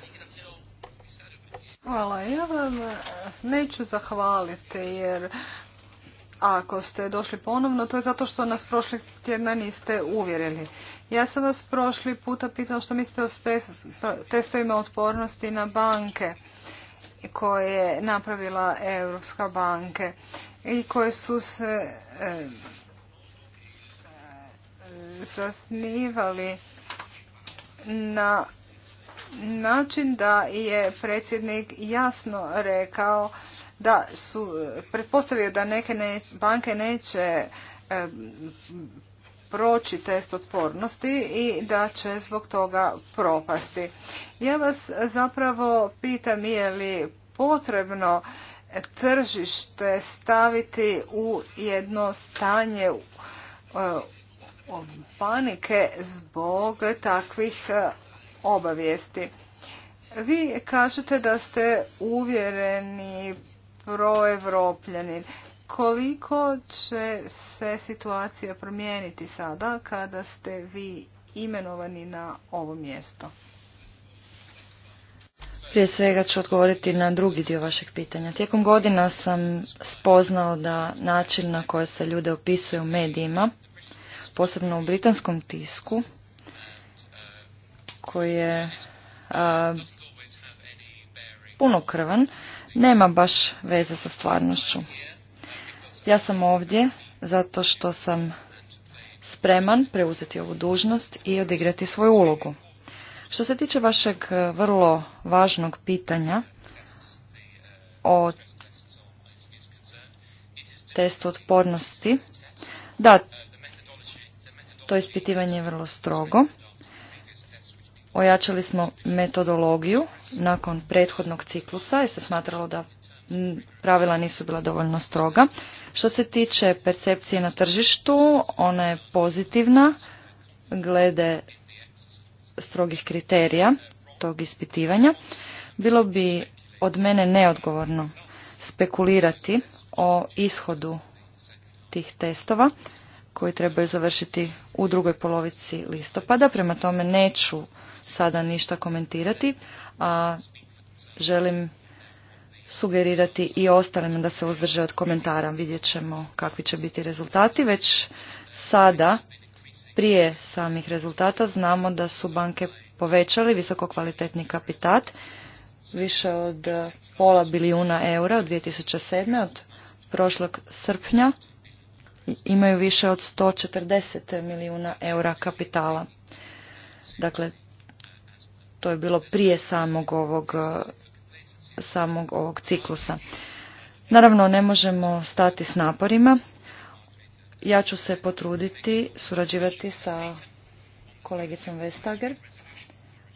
Hvala. Ja vam e, neću zahvaliti jer ako ste došli ponovno, to je zato što nas prošli tjedna niste uvjerili. Ja sam vas prošli puta pitala što mislite o testovima otpornosti na banke koje je napravila Europska banke i koje su se e, zasnivali na način da je predsjednik jasno rekao da su pretpostavio da neke banke neće e, proći test otpornosti i da će zbog toga propasti. Ja vas zapravo pitam je li potrebno tržište staviti u jedno stanje e, panike zbog takvih e, obavijesti. Vi kažete da ste uvjereni proevropljanin. Koliko će se situacija promijeniti sada kada ste vi imenovani na ovo mjesto? Prije svega ću odgovoriti na drugi dio vašeg pitanja. Tijekom godina sam spoznao da način na koje se ljude opisuje u medijima posebno u britanskom tisku, koji je a, punokrvan, nema baš veze sa stvarnošću. Ja sam ovdje zato što sam spreman preuzeti ovu dužnost i odigrati svoju ulogu. Što se tiče vašeg e, vrlo važnog pitanja o testu otpornosti, da, to ispitivanje je vrlo strogo. Ojačali smo metodologiju nakon prethodnog ciklusa jer se smatralo da pravila nisu bila dovoljno stroga. Što se tiče percepcije na tržištu, ona je pozitivna glede strogih kriterija tog ispitivanja. Bilo bi od mene neodgovorno spekulirati o ishodu tih testova koji trebaju završiti u drugoj polovici listopada. Prema tome neću sada ništa komentirati, a želim sugerirati i ostalim da se uzdrže od komentara. Vidjet ćemo kakvi će biti rezultati. Već sada, prije samih rezultata, znamo da su banke povećali visokokvalitetni kapitat više od pola bilijuna eura od 2007. od prošlog srpnja imaju više od 140 milijuna eura kapitala. Dakle, to je bilo prije samog ovog, samog ovog ciklusa. Naravno, ne možemo stati s naporima. Ja ću se potruditi, surađivati sa kolegicom Vestager,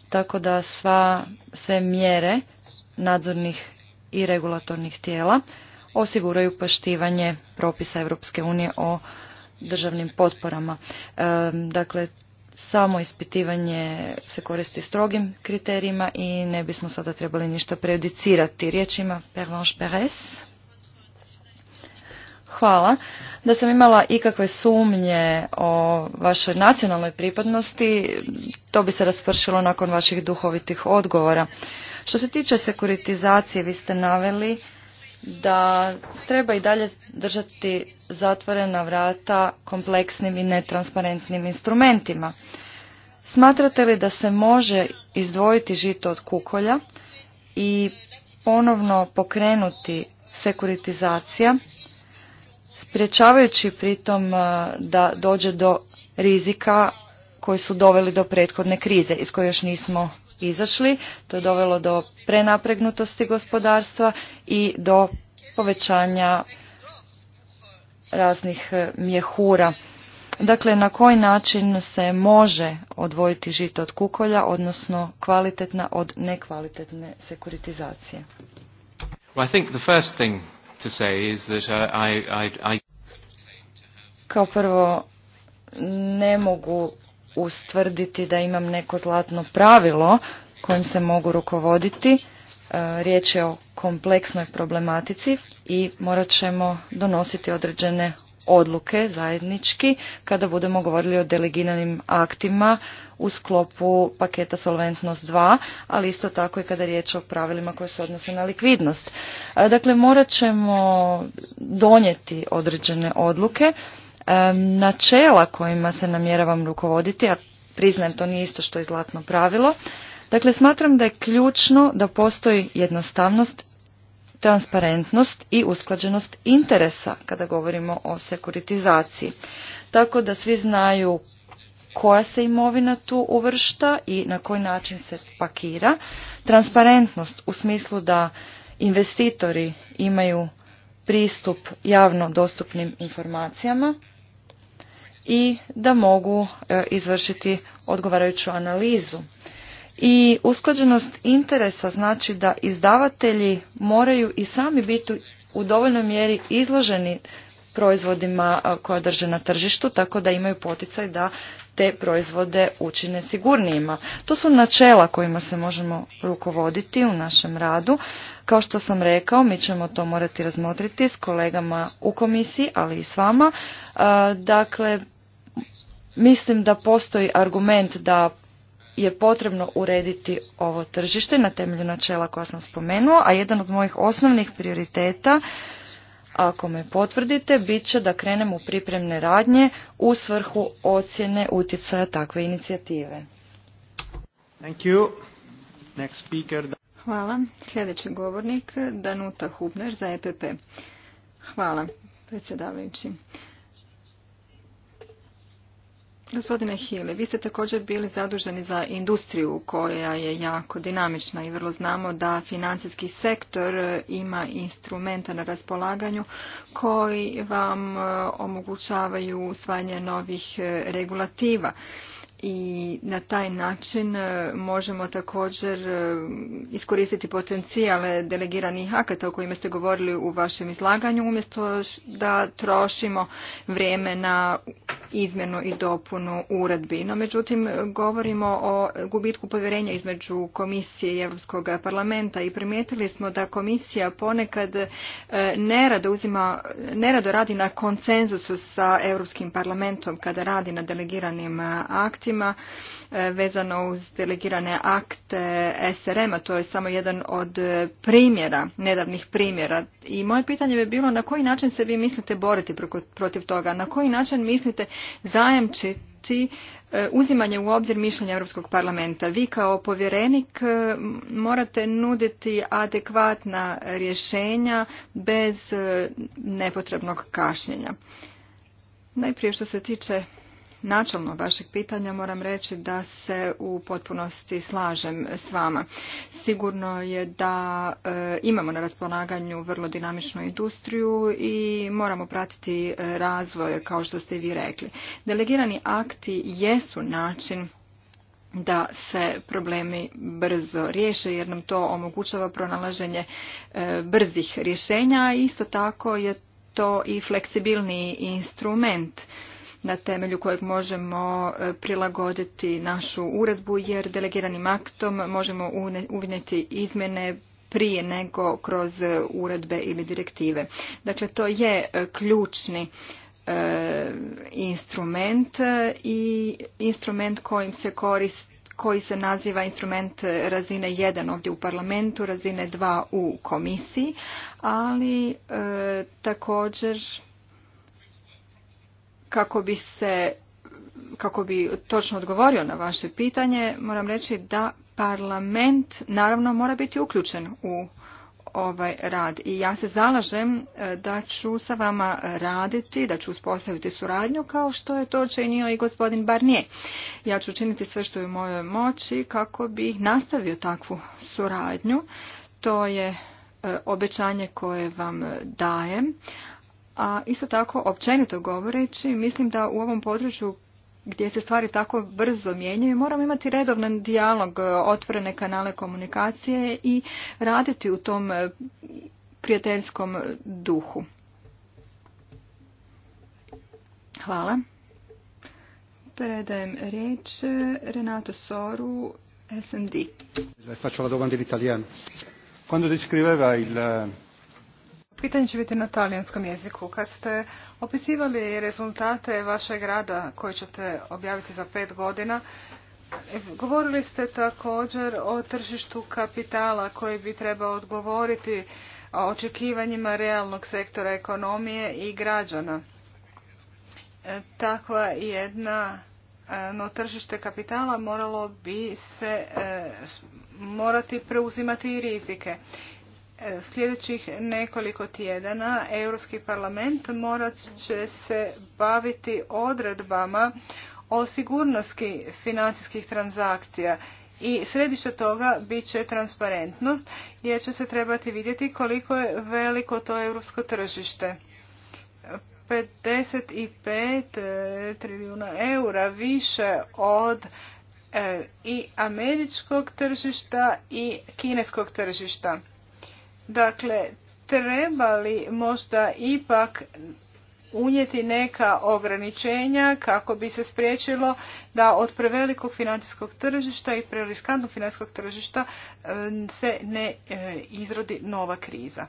tako da sva, sve mjere nadzornih i regulatornih tijela osiguraju poštivanje propisa Europske unije o državnim potporama. E, dakle, samo ispitivanje se koristi strogim kriterijima i ne bismo sada trebali ništa prejudicirati. riječima. ima Hvala. Da sam imala ikakve sumnje o vašoj nacionalnoj pripadnosti, to bi se raspršilo nakon vaših duhovitih odgovora. Što se tiče sekuritizacije, vi ste naveli da treba i dalje držati zatvorena vrata kompleksnim i netransparentnim instrumentima. Smatrate li da se može izdvojiti žito od kukolja i ponovno pokrenuti sekuritizacija, spriječavajući pritom uh, da dođe do rizika koji su doveli do prethodne krize iz koje još nismo izašli. To je dovelo do prenapregnutosti gospodarstva i do povećanja raznih e, mjehura. Dakle, na koji način se može odvojiti žito od kukolja, odnosno kvalitetna od nekvalitetne sekuritizacije? Kao prvo, ne mogu ustvrditi da imam neko zlatno pravilo kojim se mogu rukovoditi. E, riječ je o kompleksnoj problematici i morat ćemo donositi određene odluke zajednički kada budemo govorili o delegiranim aktima u sklopu paketa Solventnost 2, ali isto tako i kada je riječ o pravilima koje se odnose na likvidnost. E, dakle, morat ćemo donijeti određene odluke načela kojima se namjeravam rukovoditi, a priznajem to nije isto što je zlatno pravilo. Dakle, smatram da je ključno da postoji jednostavnost, transparentnost i usklađenost interesa kada govorimo o sekuritizaciji. Tako da svi znaju koja se imovina tu uvršta i na koji način se pakira. Transparentnost u smislu da investitori imaju pristup javno dostupnim informacijama i da mogu e, izvršiti odgovarajuću analizu. I usklađenost interesa znači da izdavatelji moraju i sami biti u dovoljnoj mjeri izloženi proizvodima e, koja drže na tržištu, tako da imaju poticaj da te proizvode učine sigurnijima. To su načela kojima se možemo rukovoditi u našem radu. Kao što sam rekao, mi ćemo to morati razmotriti s kolegama u komisiji, ali i s vama. E, dakle, mislim da postoji argument da je potrebno urediti ovo tržište na temelju načela koja sam spomenuo, a jedan od mojih osnovnih prioriteta, ako me potvrdite, bit će da krenem u pripremne radnje u svrhu ocjene utjecaja takve inicijative. Thank you. Next speaker. Hvala. Sljedeći govornik Danuta Hubner za EPP. Hvala, predsjedavajući. Gospodine Hili, vi ste također bili zaduženi za industriju koja je jako dinamična i vrlo znamo da financijski sektor ima instrumenta na raspolaganju koji vam e, omogućavaju usvajanje novih regulativa i na taj način e, možemo također e, iskoristiti potencijale delegiranih akata o kojima ste govorili u vašem izlaganju umjesto da trošimo vrijeme na izmjenu i dopunu uredbi. No međutim govorimo o gubitku povjerenja između komisije i Europskog parlamenta i primijetili smo da komisija ponekad e, nerado, uzima, nerado radi na konsenzusu sa Europskim parlamentom kada radi na delegiranim aktima E, vezano uz delegirane akte SRM-a. To je samo jedan od primjera, nedavnih primjera. I moje pitanje bi bilo na koji način se vi mislite boriti protiv toga? Na koji način mislite zajamčiti e, uzimanje u obzir mišljenja Europskog parlamenta. Vi kao povjerenik e, morate nuditi adekvatna rješenja bez nepotrebnog kašnjenja. Najprije što se tiče načelno vašeg pitanja moram reći da se u potpunosti slažem s vama. Sigurno je da e, imamo na raspolaganju vrlo dinamičnu industriju i moramo pratiti e, razvoj kao što ste i vi rekli. Delegirani akti jesu način da se problemi brzo riješe jer nam to omogućava pronalaženje e, brzih rješenja, isto tako je to i fleksibilni instrument na temelju kojeg možemo e, prilagoditi našu uredbu jer delegiranim aktom možemo uvinjeti izmjene prije nego kroz e, uredbe ili direktive. Dakle, to je e, ključni instrument i instrument kojim se koristi koji se naziva instrument razine 1 ovdje u parlamentu, razine 2 u komisiji, ali također kako bi se kako bi točno odgovorio na vaše pitanje, moram reći da parlament naravno mora biti uključen u ovaj rad i ja se zalažem e, da ću sa vama raditi, da ću uspostaviti suradnju kao što je to činio i gospodin Barnier. Ja ću učiniti sve što je u mojoj moći kako bi nastavio takvu suradnju. To je e, obećanje koje vam dajem, a isto tako, općenito govoreći, mislim da u ovom području gdje se stvari tako brzo mijenjaju, moramo imati redovan dijalog, e, otvorene kanale komunikacije i raditi u tom e, prijateljskom duhu. Hvala. Predajem riječ e, Renato Soru, SND. Faccio la Quando descriveva il Pitanje će biti na talijanskom jeziku. Kad ste opisivali rezultate vašeg rada koji ćete objaviti za pet godina, govorili ste također o tržištu kapitala koji bi trebao odgovoriti očekivanjima realnog sektora ekonomije i građana. E, takva jedna e, no tržište kapitala moralo bi se e, morati preuzimati i rizike. E, sljedećih nekoliko tjedana Europski parlament morat će se baviti odredbama o sigurnosti financijskih transakcija i središte toga bit će transparentnost jer će se trebati vidjeti koliko je veliko to europsko tržište. 55 e, trilijuna eura više od e, i američkog tržišta i kineskog tržišta. Dakle, treba li možda ipak unijeti neka ograničenja kako bi se spriječilo da od prevelikog financijskog tržišta i preriskantnog financijskog tržišta e, se ne e, izrodi nova kriza.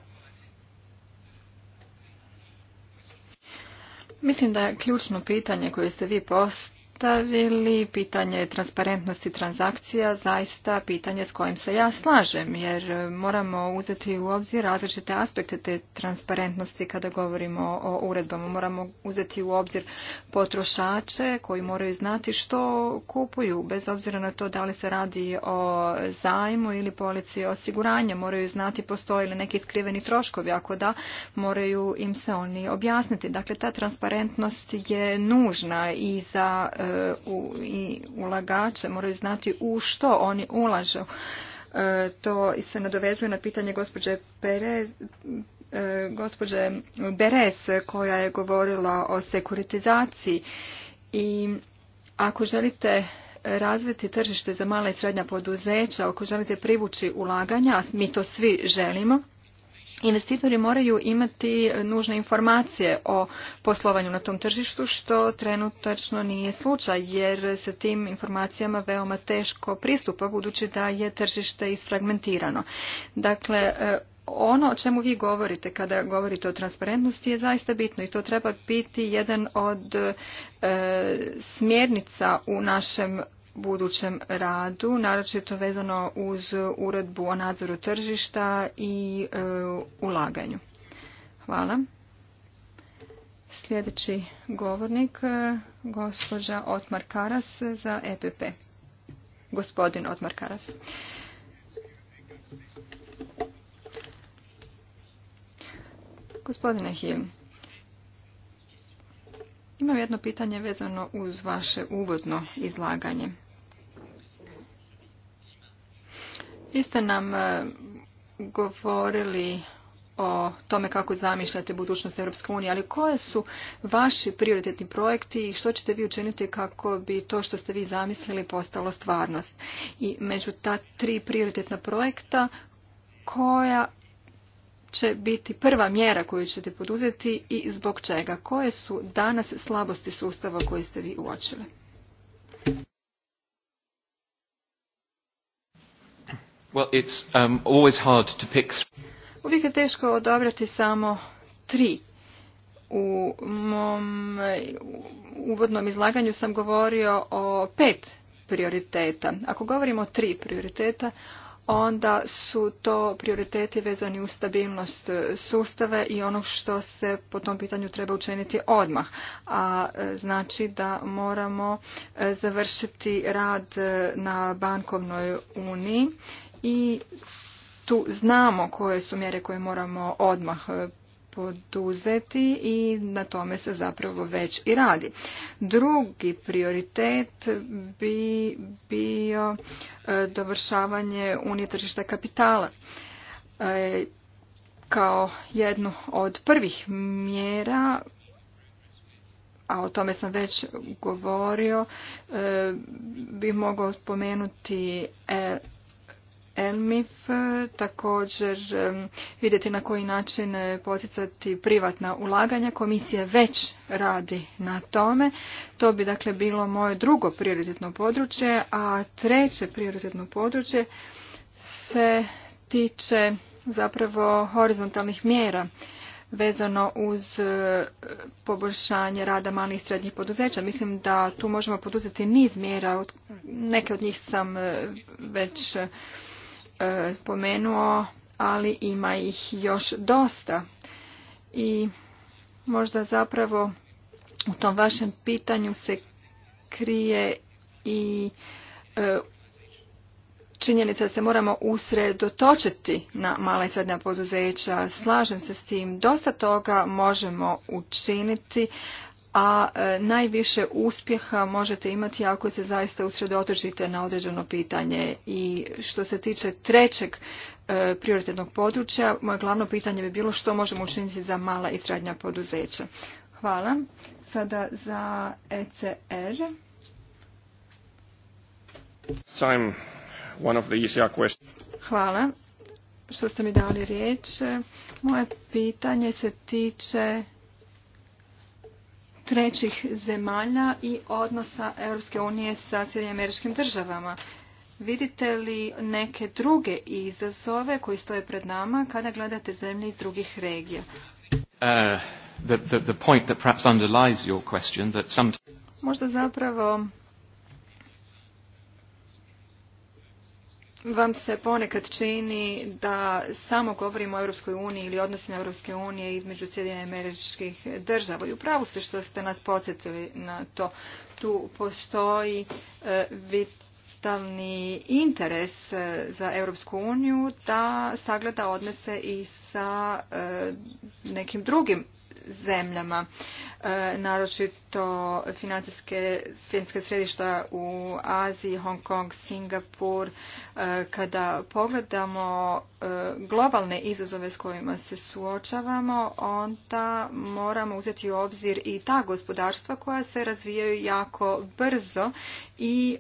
Mislim da je ključno pitanje koje ste vi postavili postavili pitanje transparentnosti transakcija zaista pitanje s kojim se ja slažem jer moramo uzeti u obzir različite aspekte te transparentnosti kada govorimo o uredbama. Moramo uzeti u obzir potrošače koji moraju znati što kupuju bez obzira na to da li se radi o zajmu ili policiji osiguranja. Moraju znati postoji li neki skriveni troškovi. Ako da, moraju im se oni objasniti. Dakle, ta transparentnost je nužna i za E, i ulagače moraju znati u što oni ulažu. E, to se nadovezuje na pitanje gospođe Perez, e, gospođe Beres koja je govorila o sekuritizaciji i ako želite razviti tržište za mala i srednja poduzeća, ako želite privući ulaganja, a mi to svi želimo, Investitori moraju imati nužne informacije o poslovanju na tom tržištu, što trenutačno nije slučaj, jer se tim informacijama veoma teško pristupa, budući da je tržište isfragmentirano. Dakle, e, ono o čemu vi govorite kada govorite o transparentnosti je zaista bitno i to treba biti jedan od e, smjernica u našem budućem radu, naročito vezano uz uredbu o nadzoru tržišta i e, ulaganju. Hvala. Sljedeći govornik, e, gospođa Otmar Karas za EPP. Gospodin Otmar Karas. Gospodine Hill, imam jedno pitanje vezano uz vaše uvodno izlaganje. Vi ste nam e, govorili o tome kako zamišljate budućnost Europske unije, ali koje su vaši prioritetni projekti i što ćete vi učiniti kako bi to što ste vi zamislili postalo stvarnost? I među ta tri prioritetna projekta koja će biti prva mjera koju ćete poduzeti i zbog čega? Koje su danas slabosti sustava koje ste vi uočili? Um, Uvijek je teško odabrati samo tri. U mom uvodnom izlaganju sam govorio o pet prioriteta. Ako govorimo o tri prioriteta, onda su to prioriteti vezani u stabilnost e, sustava i ono što se po tom pitanju treba učiniti odmah. A e, znači da moramo e, završiti rad na bankovnoj uniji i tu znamo koje su mjere koje moramo odmah e, poduzeti i na tome se zapravo već i radi. Drugi prioritet bi bio e, dovršavanje unije tržišta kapitala. E, kao jednu od prvih mjera a o tome sam već govorio, bih mogao spomenuti ENMIF također vidjeti na koji način e, poticati privatna ulaganja. Komisija već radi na tome. To bi dakle bilo moje drugo prioritetno područje, a treće prioritetno područje se tiče zapravo horizontalnih mjera vezano uz e, poboljšanje rada malih i srednjih poduzeća. Mislim da tu možemo poduzeti niz mjera, neke od njih sam e, već E, spomenuo, ali ima ih još dosta. I možda zapravo u tom vašem pitanju se krije i e, činjenica da se moramo usredotočiti na mala i srednja poduzeća. Slažem se s tim. Dosta toga možemo učiniti, a e, najviše uspjeha možete imati ako se zaista usredotočite na određeno pitanje. I što se tiče trećeg e, prioritetnog područja, moje glavno pitanje bi bilo što možemo učiniti za mala i srednja poduzeća. Hvala. Sada za ECR. Hvala što ste mi dali riječ. Moje pitanje se tiče trećih zemalja i odnosa Europske unije sa Sjedinim američkim državama. Vidite li neke druge izazove koji stoje pred nama kada gledate zemlje iz drugih regija? Uh, Možda zapravo vam se ponekad čini da samo govorimo o Europskoj uniji ili odnosima Europske unije između Sjedinjenih američkih država. I upravo ste što ste nas podsjetili na to. Tu postoji e, vitalni interes e, za Europsku uniju da sagleda odnose i sa e, nekim drugim zemljama, e, naročito financijske središta u Aziji, Hong Kong, Singapur. E, kada pogledamo e, globalne izazove s kojima se suočavamo, onda moramo uzeti u obzir i ta gospodarstva koja se razvijaju jako brzo i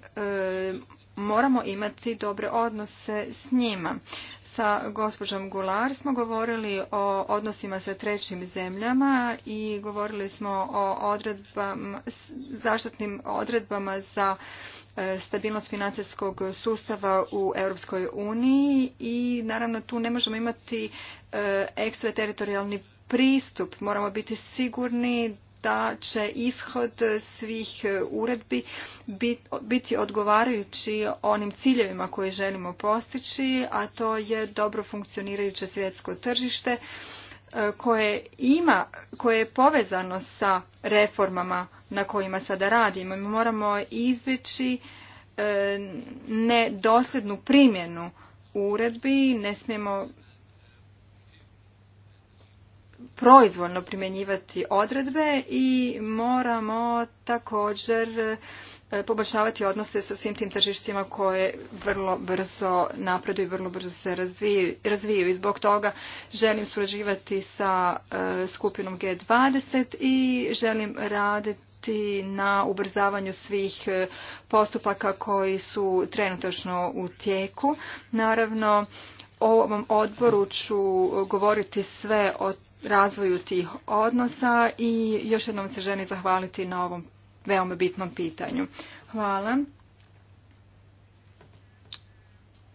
moramo imati dobre odnose s njima sa gospođom Gular smo govorili o odnosima sa trećim zemljama i govorili smo o odredbama, zaštitnim odredbama za e, stabilnost financijskog sustava u Europskoj uniji i naravno tu ne možemo imati e, ekstrateritorijalni pristup. Moramo biti sigurni da će ishod svih uredbi biti odgovarajući onim ciljevima koje želimo postići, a to je dobro funkcionirajuće svjetsko tržište e, koje ima, koje je povezano sa reformama na kojima sada radimo. Mi moramo izbjeći e, nedosljednu primjenu uredbi, ne smijemo proizvoljno primjenjivati odredbe i moramo također e, poboljšavati odnose sa svim tim tržištima koje vrlo brzo napreduju i vrlo brzo se razvijaju. I zbog toga želim surađivati sa e, skupinom G20 i želim raditi na ubrzavanju svih e, postupaka koji su trenutačno u tijeku. Naravno, o ovom odboru ću govoriti sve o razvoju tih odnosa i još jednom se želim zahvaliti na ovom veoma bitnom pitanju. Hvala.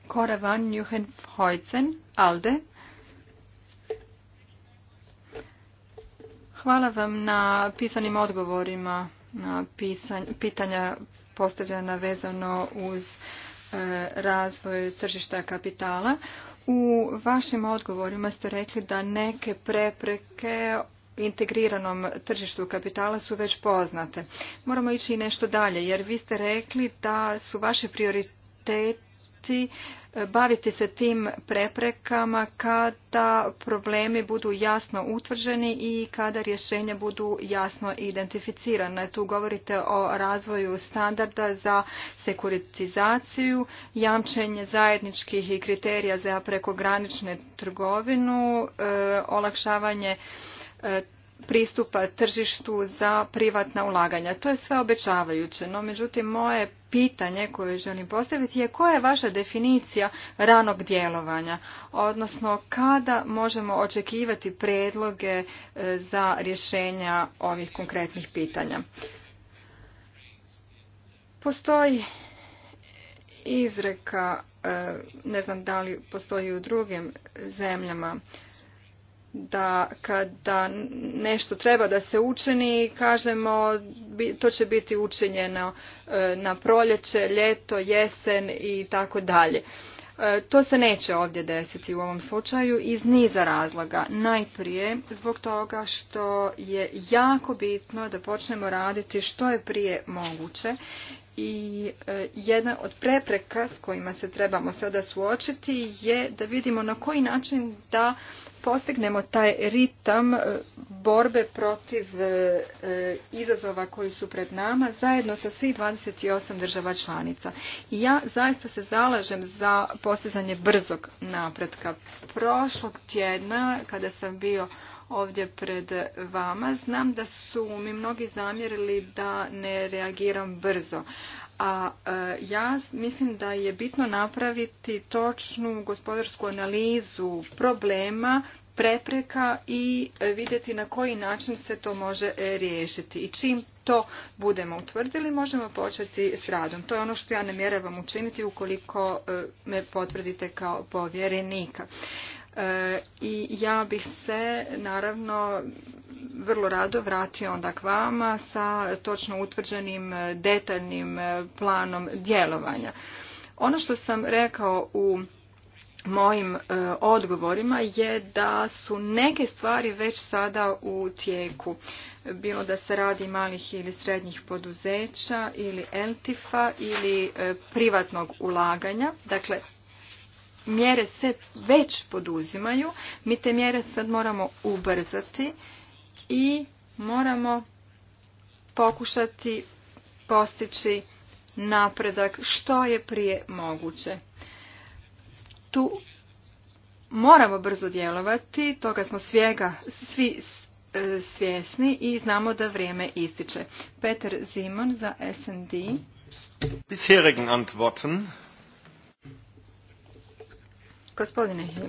Kora van Alde. Hvala vam na pisanim odgovorima na pitanja postavljena vezano uz e, razvoj tržišta kapitala. U vašim odgovorima ste rekli da neke prepreke integriranom tržištu kapitala su već poznate. Moramo ići i nešto dalje, jer vi ste rekli da su vaše prioriteti E, baviti se tim preprekama kada problemi budu jasno utvrđeni i kada rješenja budu jasno identificirane. Tu govorite o razvoju standarda za sekuritizaciju, jamčenje zajedničkih kriterija za prekograničnu trgovinu, e, olakšavanje e, pristupa tržištu za privatna ulaganja. To je sve obećavajuće, no međutim moje pitanje koje želim postaviti je koja je vaša definicija ranog djelovanja, odnosno kada možemo očekivati predloge e, za rješenja ovih konkretnih pitanja. Postoji izreka, e, ne znam da li postoji u drugim zemljama, da kada nešto treba da se učini, kažemo to će biti učinjeno e, na proljeće, ljeto, jesen i tako dalje. E, to se neće ovdje desiti u ovom slučaju iz niza razloga. Najprije zbog toga što je jako bitno da počnemo raditi što je prije moguće i e, jedna od prepreka s kojima se trebamo sada suočiti je da vidimo na koji način da postignemo taj ritam e, borbe protiv e, e, izazova koji su pred nama zajedno sa svih 28 država članica. I ja zaista se zalažem za postizanje brzog napretka. Prošlog tjedna kada sam bio ovdje pred vama. Znam da su mi mnogi zamjerili da ne reagiram brzo a e, ja mislim da je bitno napraviti točnu gospodarsku analizu problema, prepreka i e, vidjeti na koji način se to može e, riješiti. I čim to budemo utvrdili, možemo početi s radom. To je ono što ja namjeravam učiniti ukoliko me potvrdite kao povjerenika. I ja bih se naravno vrlo rado vratio onda k vama sa točno utvrđenim e, detaljnim e, planom djelovanja. Ono što sam rekao u mojim e, odgovorima je da su neke stvari već sada u tijeku. Bilo da se radi malih ili srednjih poduzeća ili ltif ili privatnog ulaganja. Dakle, mjere se već poduzimaju. Mi te mjere sad moramo ubrzati i moramo pokušati postići napredak što je prije moguće. Tu moramo brzo djelovati, toga smo svijega, svi e, svjesni i znamo da vrijeme ističe. Peter Zimon za SND. Bisherigen Antworten. Gospodine Hill,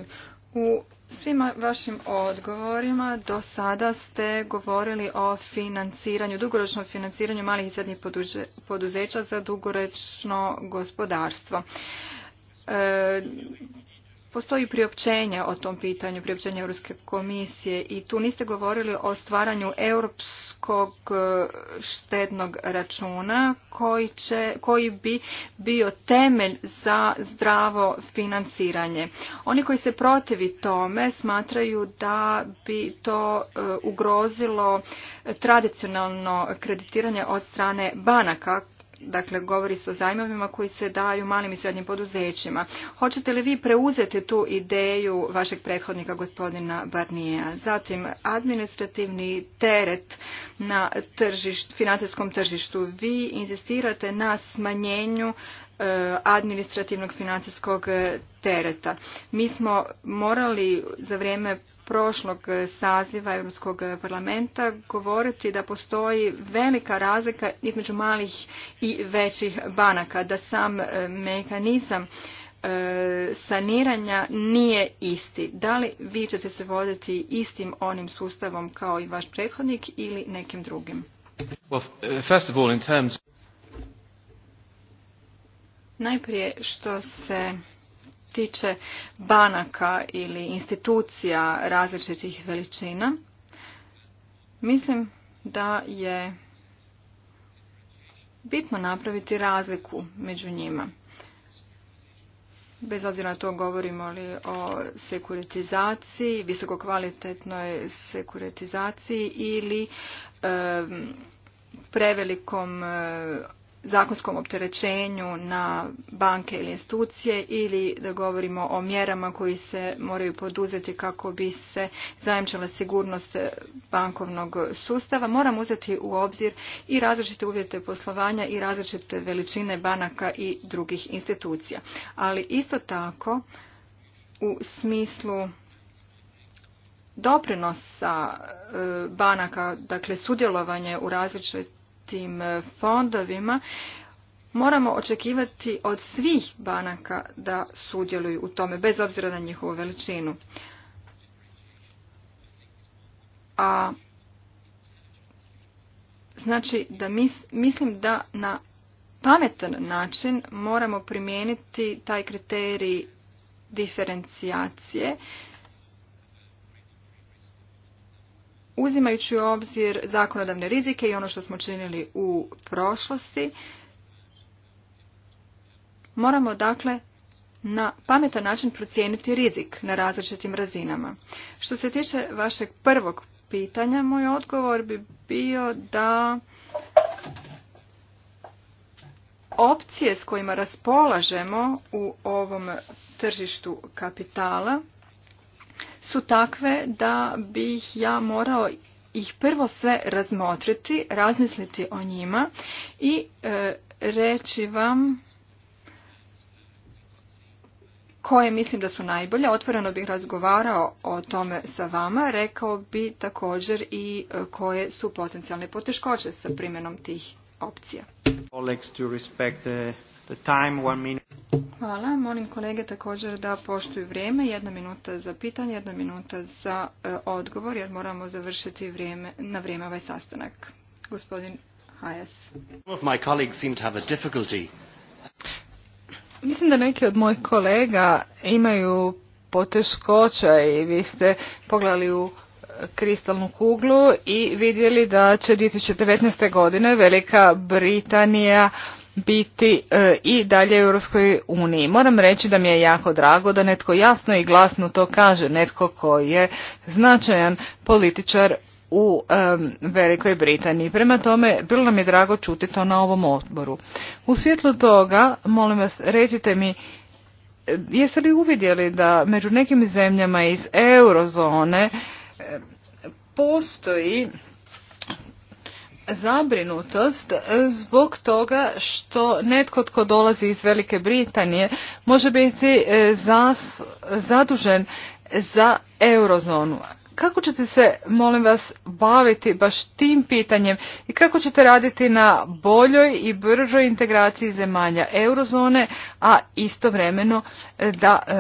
u Svima vašim odgovorima do sada ste govorili o financiranju, dugoročnom financiranju malih i srednjih poduzeća za dugoročno gospodarstvo. E, Postoji priopćenje o tom pitanju, priopćenje Europske komisije i tu niste govorili o stvaranju europskog e, štednog računa koji, će, koji bi bio temelj za zdravo financiranje. Oni koji se protivi tome smatraju da bi to e, ugrozilo tradicionalno kreditiranje od strane banaka Dakle, govori se o zajmovima koji se daju malim i srednjim poduzećima. Hoćete li vi preuzeti tu ideju vašeg prethodnika gospodina barnija Zatim, administrativni teret na financijskom tržištu. Vi insistirate na smanjenju e, administrativnog financijskog e, tereta. Mi smo morali za vrijeme prošlog saziva Europskog parlamenta govoriti da postoji velika razlika između malih i većih banaka, da sam e, mehanizam e, saniranja nije isti. Da li vi ćete se voditi istim onim sustavom kao i vaš prethodnik ili nekim drugim? Najprije što se tiče banaka ili institucija različitih veličina, mislim da je bitno napraviti razliku među njima. Bez obzira na to govorimo li o sekuritizaciji, visokokvalitetnoj sekuritizaciji ili prevelikom zakonskom opterećenju na banke ili institucije ili da govorimo o mjerama koji se moraju poduzeti kako bi se zajamčila sigurnost bankovnog sustava, moramo uzeti u obzir i različite uvjete poslovanja i različite veličine banaka i drugih institucija. Ali isto tako u smislu doprinosa e, banaka, dakle sudjelovanje u različite tim e, fondovima, moramo očekivati od svih banaka da sudjeluju u tome, bez obzira na njihovu veličinu. A znači da mislim da na pametan način moramo primijeniti taj kriterij diferencijacije Uzimajući u obzir zakonodavne rizike i ono što smo činili u prošlosti, moramo dakle na pametan način procijeniti rizik na različitim razinama. Što se tiče vašeg prvog pitanja, moj odgovor bi bio da opcije s kojima raspolažemo u ovom tržištu kapitala su takve da bih ja morao ih prvo sve razmotriti, razmisliti o njima i e, reći vam koje mislim da su najbolje. Otvoreno bih razgovarao o tome sa vama, rekao bi također i e, koje su potencijalne poteškoće sa primjenom tih opcija. Hvala. Molim kolege također da poštuju vrijeme. Jedna minuta za pitanje, jedna minuta za e, odgovor, jer moramo završiti vrijeme, na vrijeme ovaj sastanak. Gospodin Hajas. Mislim da neki od mojih kolega imaju poteškoća i vi ste pogledali u e, kristalnu kuglu i vidjeli da će 2019. godine Velika Britanija biti e, i dalje u Europskoj uniji. Moram reći da mi je jako drago da netko jasno i glasno to kaže, netko koji je značajan političar u e, Velikoj Britaniji. Prema tome, bilo nam je drago čuti to na ovom odboru. U svjetlu toga, molim vas, recite mi, jeste li uvidjeli da među nekim zemljama iz eurozone e, postoji zabrinutost zbog toga što netko tko dolazi iz Velike Britanije može biti e, zadužen za eurozonu. Kako ćete se, molim vas, baviti baš tim pitanjem i kako ćete raditi na boljoj i bržoj integraciji zemalja eurozone, a istovremeno e, da e,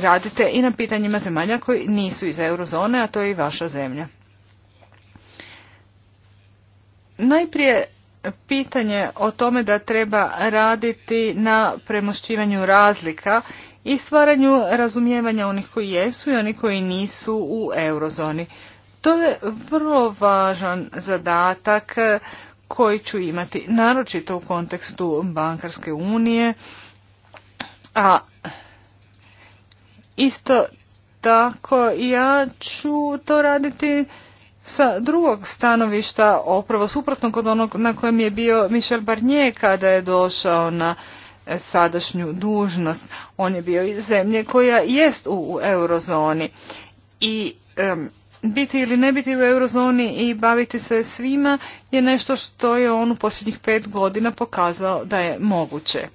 radite i na pitanjima zemalja koji nisu iz eurozone, a to je i vaša zemlja? Najprije pitanje o tome da treba raditi na premošćivanju razlika i stvaranju razumijevanja onih koji jesu i onih koji nisu u eurozoni. To je vrlo važan zadatak koji ću imati, naročito u kontekstu bankarske unije, a isto tako ja ću to raditi sa drugog stanovišta opravo suprotno od onog na kojem je bio Michel Barnier kada je došao na e, sadašnju dužnost. On je bio iz zemlje koja jest u, eurozoni i biti ili ne biti u eurozoni i baviti se svima je nešto što je on u posljednjih pet godina pokazao da je moguće.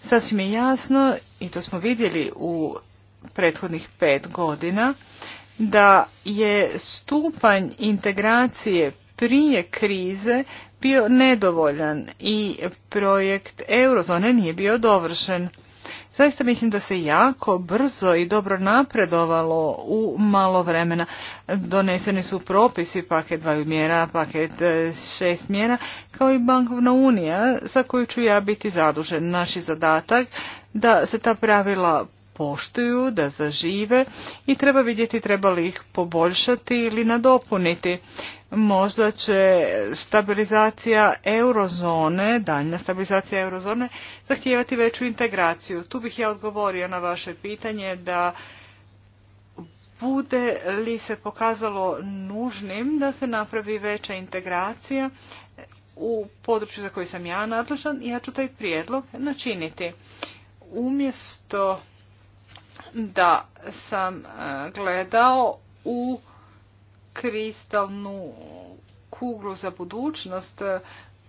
Sasvim je jasno i to smo vidjeli u prethodnih pet godina da je stupanj integracije prije krize bio nedovoljan i projekt eurozone nije bio dovršen. Zaista mislim da se jako brzo i dobro napredovalo u malo vremena. Doneseni su propisi, paket dvaju mjera, paket e, šest mjera, kao i bankovna unija, za koju ću ja biti zadužen. Naš zadatak da se ta pravila poštuju, da zažive i treba vidjeti treba li ih poboljšati ili nadopuniti. Možda će stabilizacija eurozone, daljna stabilizacija eurozone, zahtijevati veću integraciju. Tu bih ja odgovorio na vaše pitanje da bude li se pokazalo nužnim da se napravi veća integracija u području za koje sam ja nadležan, ja ću taj prijedlog načiniti. Umjesto da sam e, gledao u kristalnu kuglu za budućnost, e,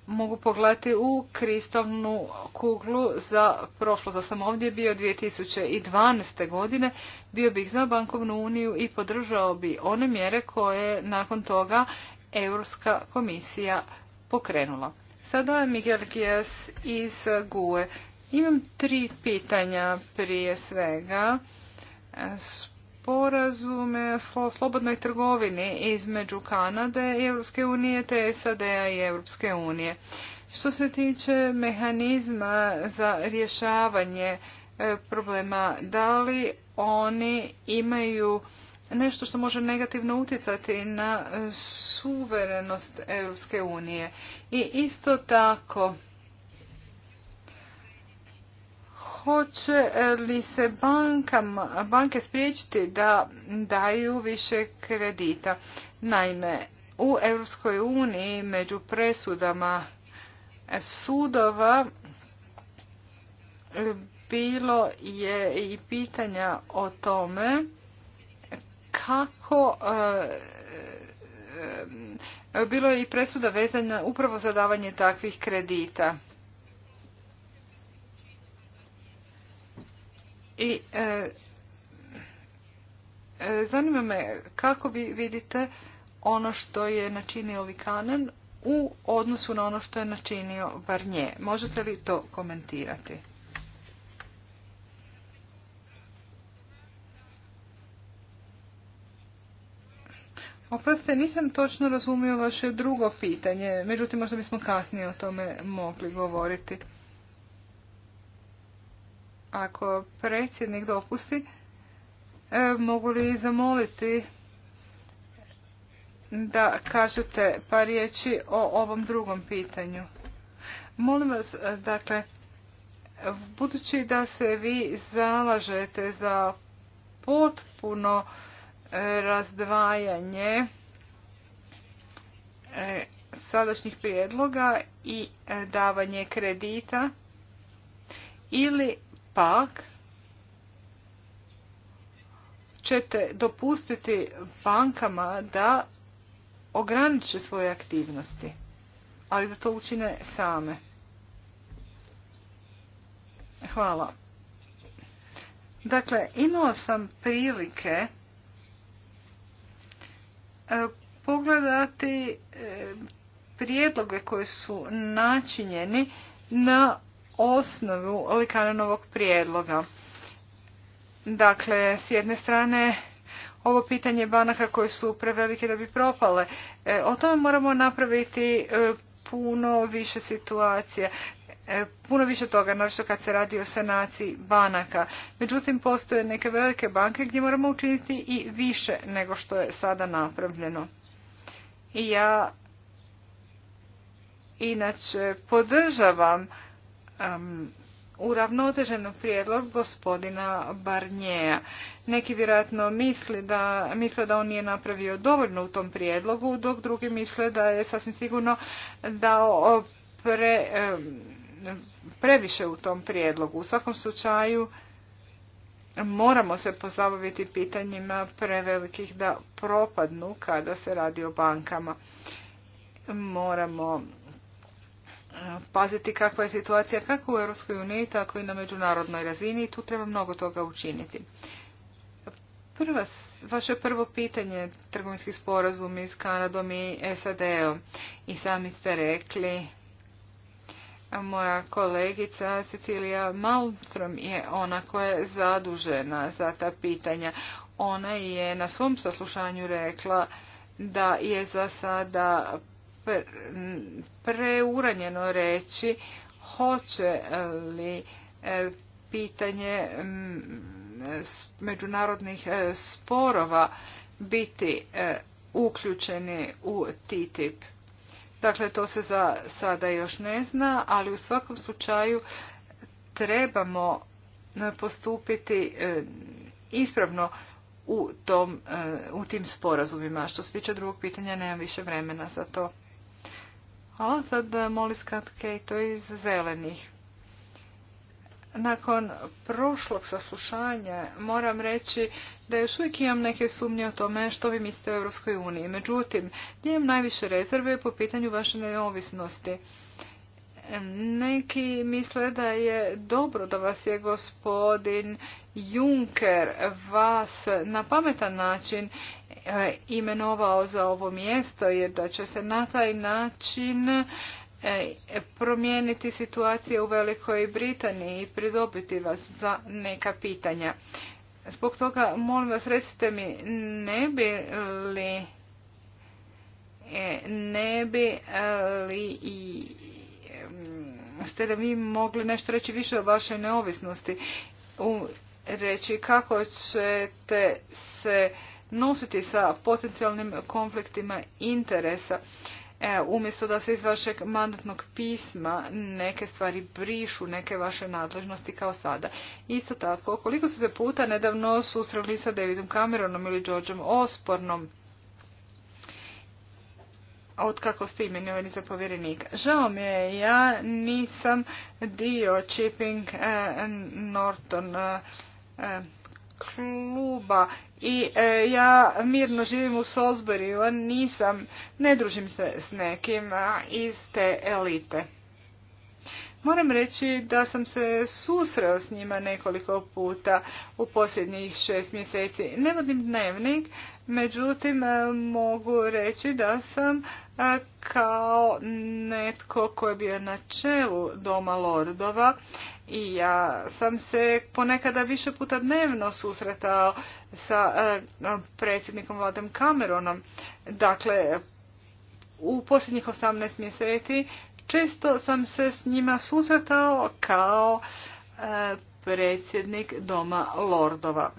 mogu pogledati u kristalnu kuglu za prošlo. Da sam ovdje bio 2012. godine, bio bih za bankovnu uniju i podržao bi one mjere koje nakon toga Europska komisija pokrenula. Sada je Miguel Gies iz GUE. Imam tri pitanja prije svega. Sporazume o slobodnoj trgovini između Kanade i Europske unije te SAD-a i Europske unije. Što se tiče mehanizma za rješavanje e, problema, da li oni imaju nešto što može negativno utjecati na suverenost Europske unije. I isto tako, hoće li se banke spriječiti da daju više kredita. Naime, u Europskoj uniji među presudama sudova bilo je i pitanja o tome kako e, e, bilo je i presuda vezana upravo za davanje takvih kredita. I e, e, zanima me kako vi vidite ono što je načinio Likanen u odnosu na ono što je načinio Barnje. Možete li to komentirati? Oprostite, nisam točno razumio vaše drugo pitanje, međutim možda bismo kasnije o tome mogli govoriti ako predsjednik dopusti, e, mogu li zamoliti da kažete par riječi o ovom drugom pitanju. Molim vas, dakle, budući da se vi zalažete za potpuno e, razdvajanje e, sadašnjih prijedloga i davanje kredita ili pak ćete dopustiti bankama da ograniče svoje aktivnosti, ali da to učine same. Hvala. Dakle, imao sam prilike e, pogledati e, prijedloge koji su načinjeni na osnovu Likanonovog prijedloga. Dakle, s jedne strane ovo pitanje banaka koje su prevelike da bi propale. E, o tome moramo napraviti e, puno više situacija, e, puno više toga, našto kad se radi o sanaciji banaka. Međutim, postoje neke velike banke gdje moramo učiniti i više nego što je sada napravljeno. I ja inače podržavam um, uravnotežen prijedlog gospodina Barnjeja. Neki vjerojatno misle da, misle da on nije napravio dovoljno u tom prijedlogu, dok drugi misle da je sasvim sigurno dao previše u tom prijedlogu. U svakom slučaju moramo se pozabaviti pitanjima prevelikih da propadnu kada se radi o bankama. Moramo paziti kakva je situacija kako u Europskoj uniji, tako i na međunarodnoj razini i tu treba mnogo toga učiniti. Prva, vaše prvo pitanje, trgovinski sporazum iz Kanadom i SAD-om. I sami ste rekli, moja kolegica Cecilija Malmström je ona koja je zadužena za ta pitanja. Ona je na svom saslušanju rekla da je za sada preuranjeno reći hoće li e, pitanje međunarodnih e, sporova biti e, uključeni u TTIP. Dakle, to se za sada još ne zna, ali u svakom slučaju trebamo postupiti ispravno u, u tim sporazumima. Što se tiče drugog pitanja, nemam više vremena za to. Hvala. Sad e, moli Skat to iz Zelenih. Nakon prošlog saslušanja moram reći da još uvijek imam neke sumnje o tome što vi mislite o Europskoj uniji. Međutim, imam najviše rezerve po pitanju vaše neovisnosti. Neki misle da je dobro da vas je gospodin Juncker vas na pametan način eh, imenovao za ovo mjesto jer da će se na taj način eh, promijeniti situacije u Velikoj Britaniji i pridobiti vas za neka pitanja. Zbog toga, molim vas, recite mi, ne bi li eh, ne bi li i ste da mi mogli nešto reći više o vašoj neovisnosti, u, reći kako ćete se nositi sa potencijalnim konfliktima interesa e, umjesto da se iz vašeg mandatnog pisma neke stvari brišu, neke vaše nadležnosti kao sada. Isto tako, koliko ste se puta nedavno susreli sa Davidom Cameronom ili Georgeom Ospornom otkako ste imenovani za povjerenika. Žao mi je, ja nisam dio Chipping eh, Norton eh, eh, kluba i ja mirno živim u Salisburyu, nisam, ne družim se s nekim iz te elite. Moram reći da sam se susreo s njima nekoliko puta u posljednjih šest mjeseci. Ne vodim dnevnik, međutim e, mogu reći da sam e, kao netko koji je bio na čelu Doma Lordova i ja sam se ponekada više puta dnevno susretao sa e, predsjednikom Vladem Cameronom. Dakle, u posljednjih 18 mjeseci Često sam se s njima susretao kao e, predsjednik Doma Lordova.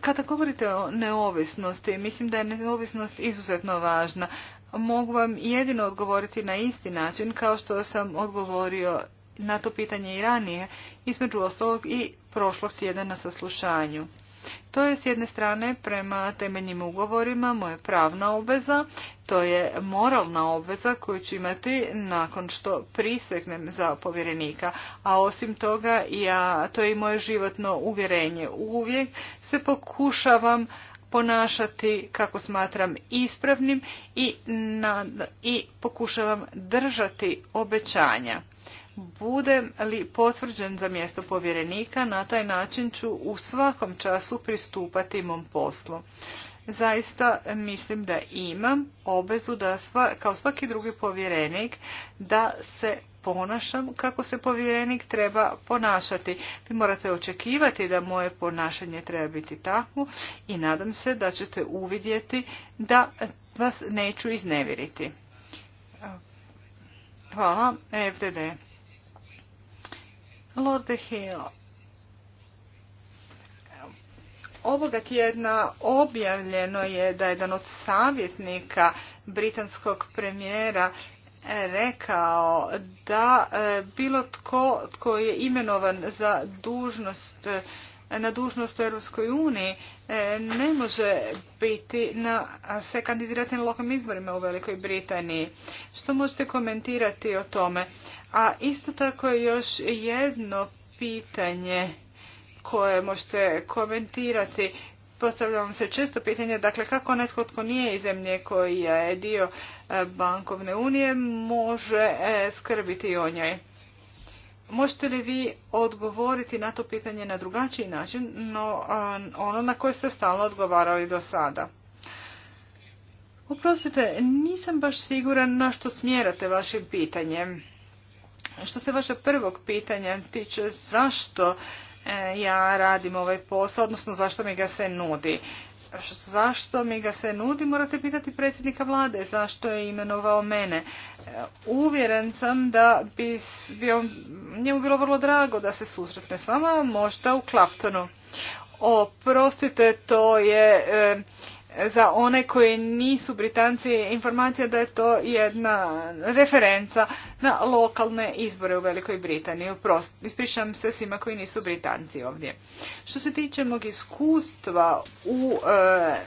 Kada govorite o neovisnosti, mislim da je neovisnost izuzetno važna. Mogu vam jedino odgovoriti na isti način kao što sam odgovorio na to pitanje i ranije, između ostalog i prošlog sjedana sa saslušanju. To je s jedne strane prema temeljnim ugovorima moja pravna obveza, to je moralna obveza koju ću imati nakon što prisegnem za povjerenika, a osim toga ja, to je i moje životno uvjerenje. Uvijek se pokušavam ponašati kako smatram ispravnim i, i pokušavam držati obećanja bude li potvrđen za mjesto povjerenika, na taj način ću u svakom času pristupati mom poslu. Zaista mislim da imam obvezu da sva, kao svaki drugi povjerenik da se ponašam kako se povjerenik treba ponašati. Vi morate očekivati da moje ponašanje treba biti takvo i nadam se da ćete uvidjeti da vas neću iznevjeriti. Hvala, FDD. Lorde Hill, ovoga tjedna objavljeno je da je jedan od savjetnika britanskog premijera rekao da e, bilo tko tko je imenovan za dužnost e, na dužnost u Europskoj uniji e, ne može biti na, se kandidirati na lokalnim izborima u Velikoj Britaniji. Što možete komentirati o tome? A isto tako je još jedno pitanje koje možete komentirati. postavljam se često pitanje, dakle, kako netko tko nije iz zemlje koji je dio e, bankovne unije može e, skrbiti o njoj. Možete li vi odgovoriti na to pitanje na drugačiji način, no ono na koje ste stalno odgovarali do sada? Oprostite, nisam baš siguran na što smjerate vašim pitanjem. Što se vaše prvog pitanja tiče, zašto e, ja radim ovaj posao, odnosno zašto mi ga se nudi zašto mi ga se nudi, morate pitati predsjednika vlade zašto je imenovao mene. E, uvjeren sam da bi bio, njemu bilo vrlo drago da se susretne s vama, možda u Klaptonu. Oprostite, to je e, za one koji nisu Britanci informacija da je to jedna referenca na lokalne izbore u Velikoj Britaniji. Prost, ispričam se svima koji nisu Britanci ovdje. Što se tiče mog iskustva u eh,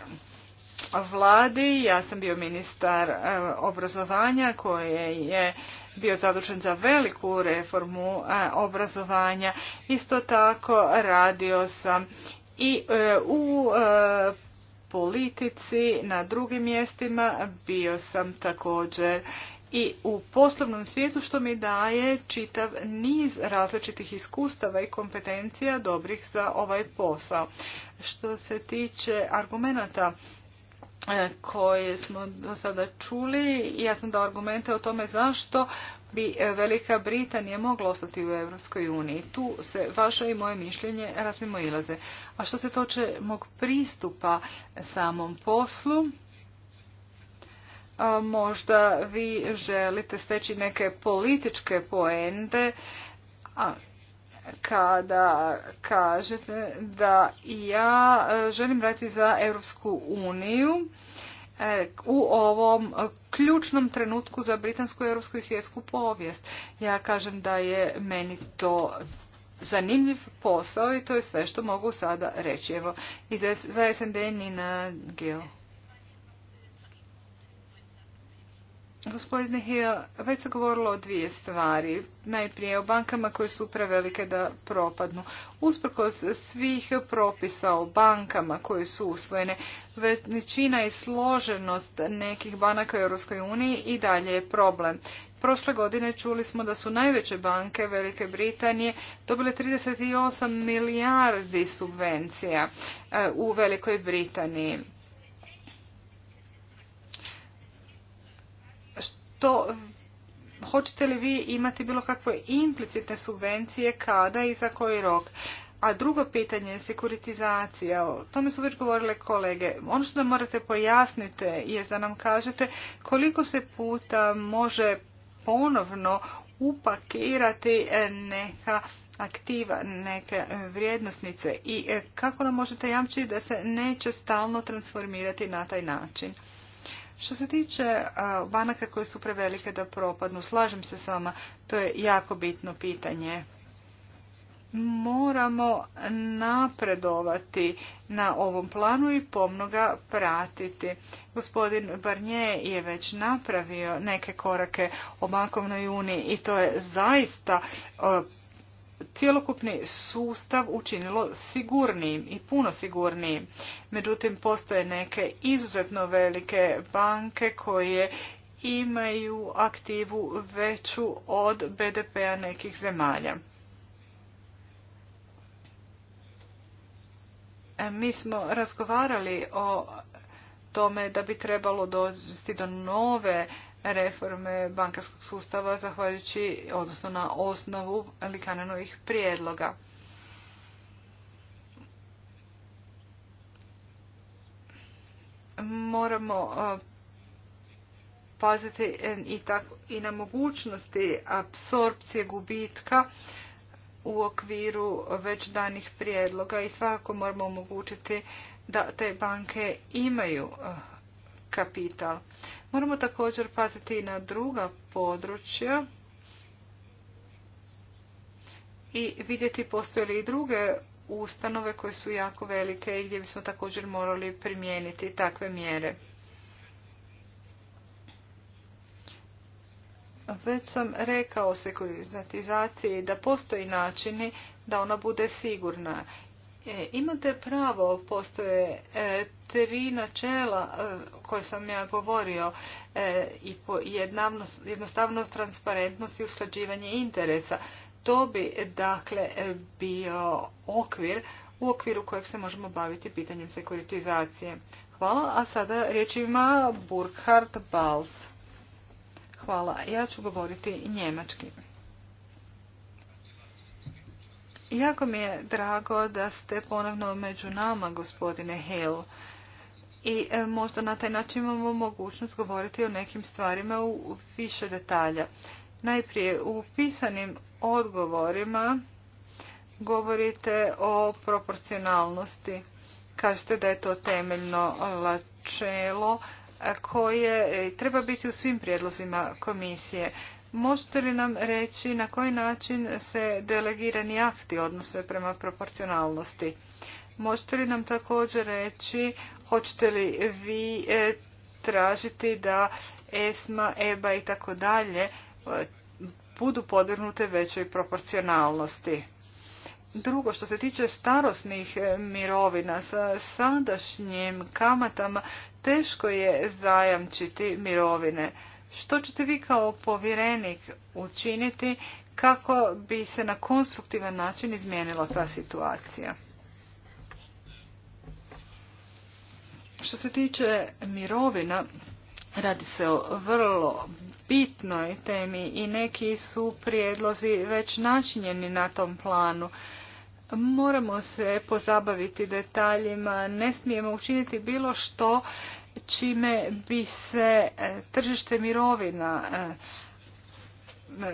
vladi, ja sam bio ministar eh, obrazovanja koji je bio zadužen za veliku reformu eh, obrazovanja. Isto tako radio sam i u politici, na drugim mjestima, bio sam također i u poslovnom svijetu što mi daje čitav niz različitih iskustava i kompetencija dobrih za ovaj posao. Što se tiče argumenata E, koje smo do sada čuli, ja sam da argumente o tome zašto bi e, Velika Britanija mogla ostati u Europskoj uniji. Tu se vaše i moje mišljenje razmimo ilaze. A što se toče mog pristupa samom poslu, e, možda vi želite steći neke političke poende, a kada kažete da ja e, želim raditi za Europsku uniju e, u ovom ključnom trenutku za britansku, europsku i svjetsku povijest. Ja kažem da je meni to zanimljiv posao i to je sve što mogu sada reći. Evo, i za SND Nina Gil. Gospodine Hill, već se govorilo o dvije stvari. Najprije o bankama koje su prevelike da propadnu. Usprkos svih propisa o bankama koje su usvojene, većina i složenost nekih banaka u EU i dalje je problem. Prošle godine čuli smo da su najveće banke Velike Britanije dobile 38 milijardi subvencija e, u Velikoj Britaniji. to hoćete li vi imati bilo kakve implicitne subvencije, kada i za koji rok? A drugo pitanje je sekuritizacija. O tome su već govorile kolege. Ono što nam morate pojasniti je da nam kažete koliko se puta može ponovno upakirati neka aktiva, neke vrijednosnice i kako nam možete jamčiti da se neće stalno transformirati na taj način. Što se tiče banaka koje su prevelike da propadnu, slažem se s vama, to je jako bitno pitanje. Moramo napredovati na ovom planu i pomno ga pratiti. Gospodin Barnje je već napravio neke korake o bankovnoj uniji i to je zaista cjelokupni sustav učinilo sigurnijim i puno sigurnijim. Međutim, postoje neke izuzetno velike banke koje imaju aktivu veću od BDP-a nekih zemalja. E, mi smo razgovarali o tome da bi trebalo doći do nove reforme bankarskog sustava zahvaljujući, odnosno na osnovu Likanenovih prijedloga. Moramo paziti e, i, tako, i na mogućnosti apsorpcije gubitka u okviru već danih prijedloga i svakako moramo omogućiti da te banke imaju kapital. Moramo također paziti i na druga područja i vidjeti postoje li i druge ustanove koje su jako velike i gdje bismo također morali primijeniti takve mjere. Već sam rekao sekuritizaciji da postoji načini da ona bude sigurna E, imate pravo, postoje e, tri načela e, koje sam ja govorio i jednostavnost, transparentnost i usklađivanje interesa. To bi dakle bio okvir u okviru kojeg se možemo baviti pitanjem sekuritizacije. Hvala, a sada riječ ima Burkhard Bals. Hvala, ja ću govoriti njemački. Jako mi je drago da ste ponovno među nama, gospodine Hill. I e, možda na taj način imamo mogućnost govoriti o nekim stvarima u više detalja. Najprije, u pisanim odgovorima govorite o proporcionalnosti. Kažete da je to temeljno načelo koje e, treba biti u svim prijedlozima komisije. Možete li nam reći na koji način se delegirani akti odnose prema proporcionalnosti? Možete li nam također reći hoćete li vi e, tražiti da ESMA, EBA i tako dalje e, budu podvrnute većoj proporcionalnosti? Drugo, što se tiče starosnih e, mirovina sa sadašnjim kamatama, teško je zajamčiti mirovine što ćete vi kao povjerenik učiniti kako bi se na konstruktivan način izmijenila ta situacija? Što se tiče mirovina, radi se o vrlo bitnoj temi i neki su prijedlozi već načinjeni na tom planu. Moramo se pozabaviti detaljima, ne smijemo učiniti bilo što čime bi se e, tržište mirovina e, e,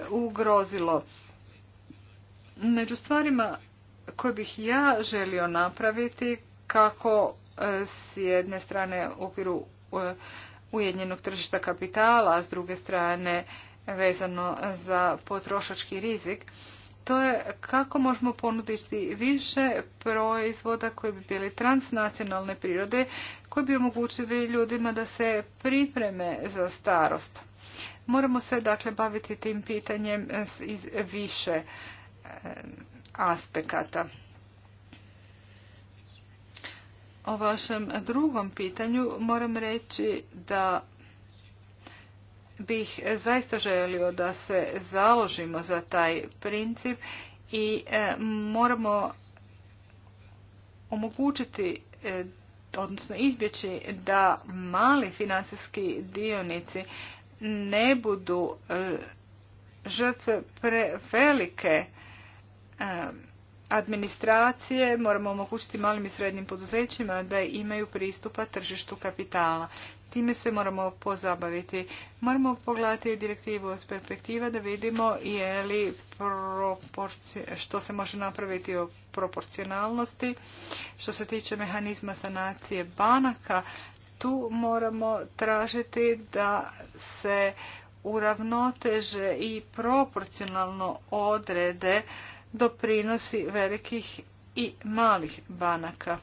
ugrozilo. Među stvarima koje bih ja želio napraviti kako s jedne strane u okviru ujednjenog tržišta kapitala, a s druge strane vezano za potrošački rizik, to je kako možemo ponuditi više proizvoda koji bi bili transnacionalne prirode, koji bi omogućili ljudima da se pripreme za starost. Moramo se dakle baviti tim pitanjem iz više e, aspekata. O vašem drugom pitanju moram reći da bih e, zaista želio da se založimo za taj princip i e, moramo omogućiti e, odnosno izbjeći da mali financijski dionici ne budu žrtve prevelike administracije, moramo omogućiti malim i srednjim poduzećima da imaju pristupa tržištu kapitala. Time se moramo pozabaviti. Moramo pogledati direktivu s perspektiva da vidimo je li što se može napraviti o proporcionalnosti. Što se tiče mehanizma sanacije banaka, tu moramo tražiti da se uravnoteže i proporcionalno odrede doprinosi velikih i malih banaka.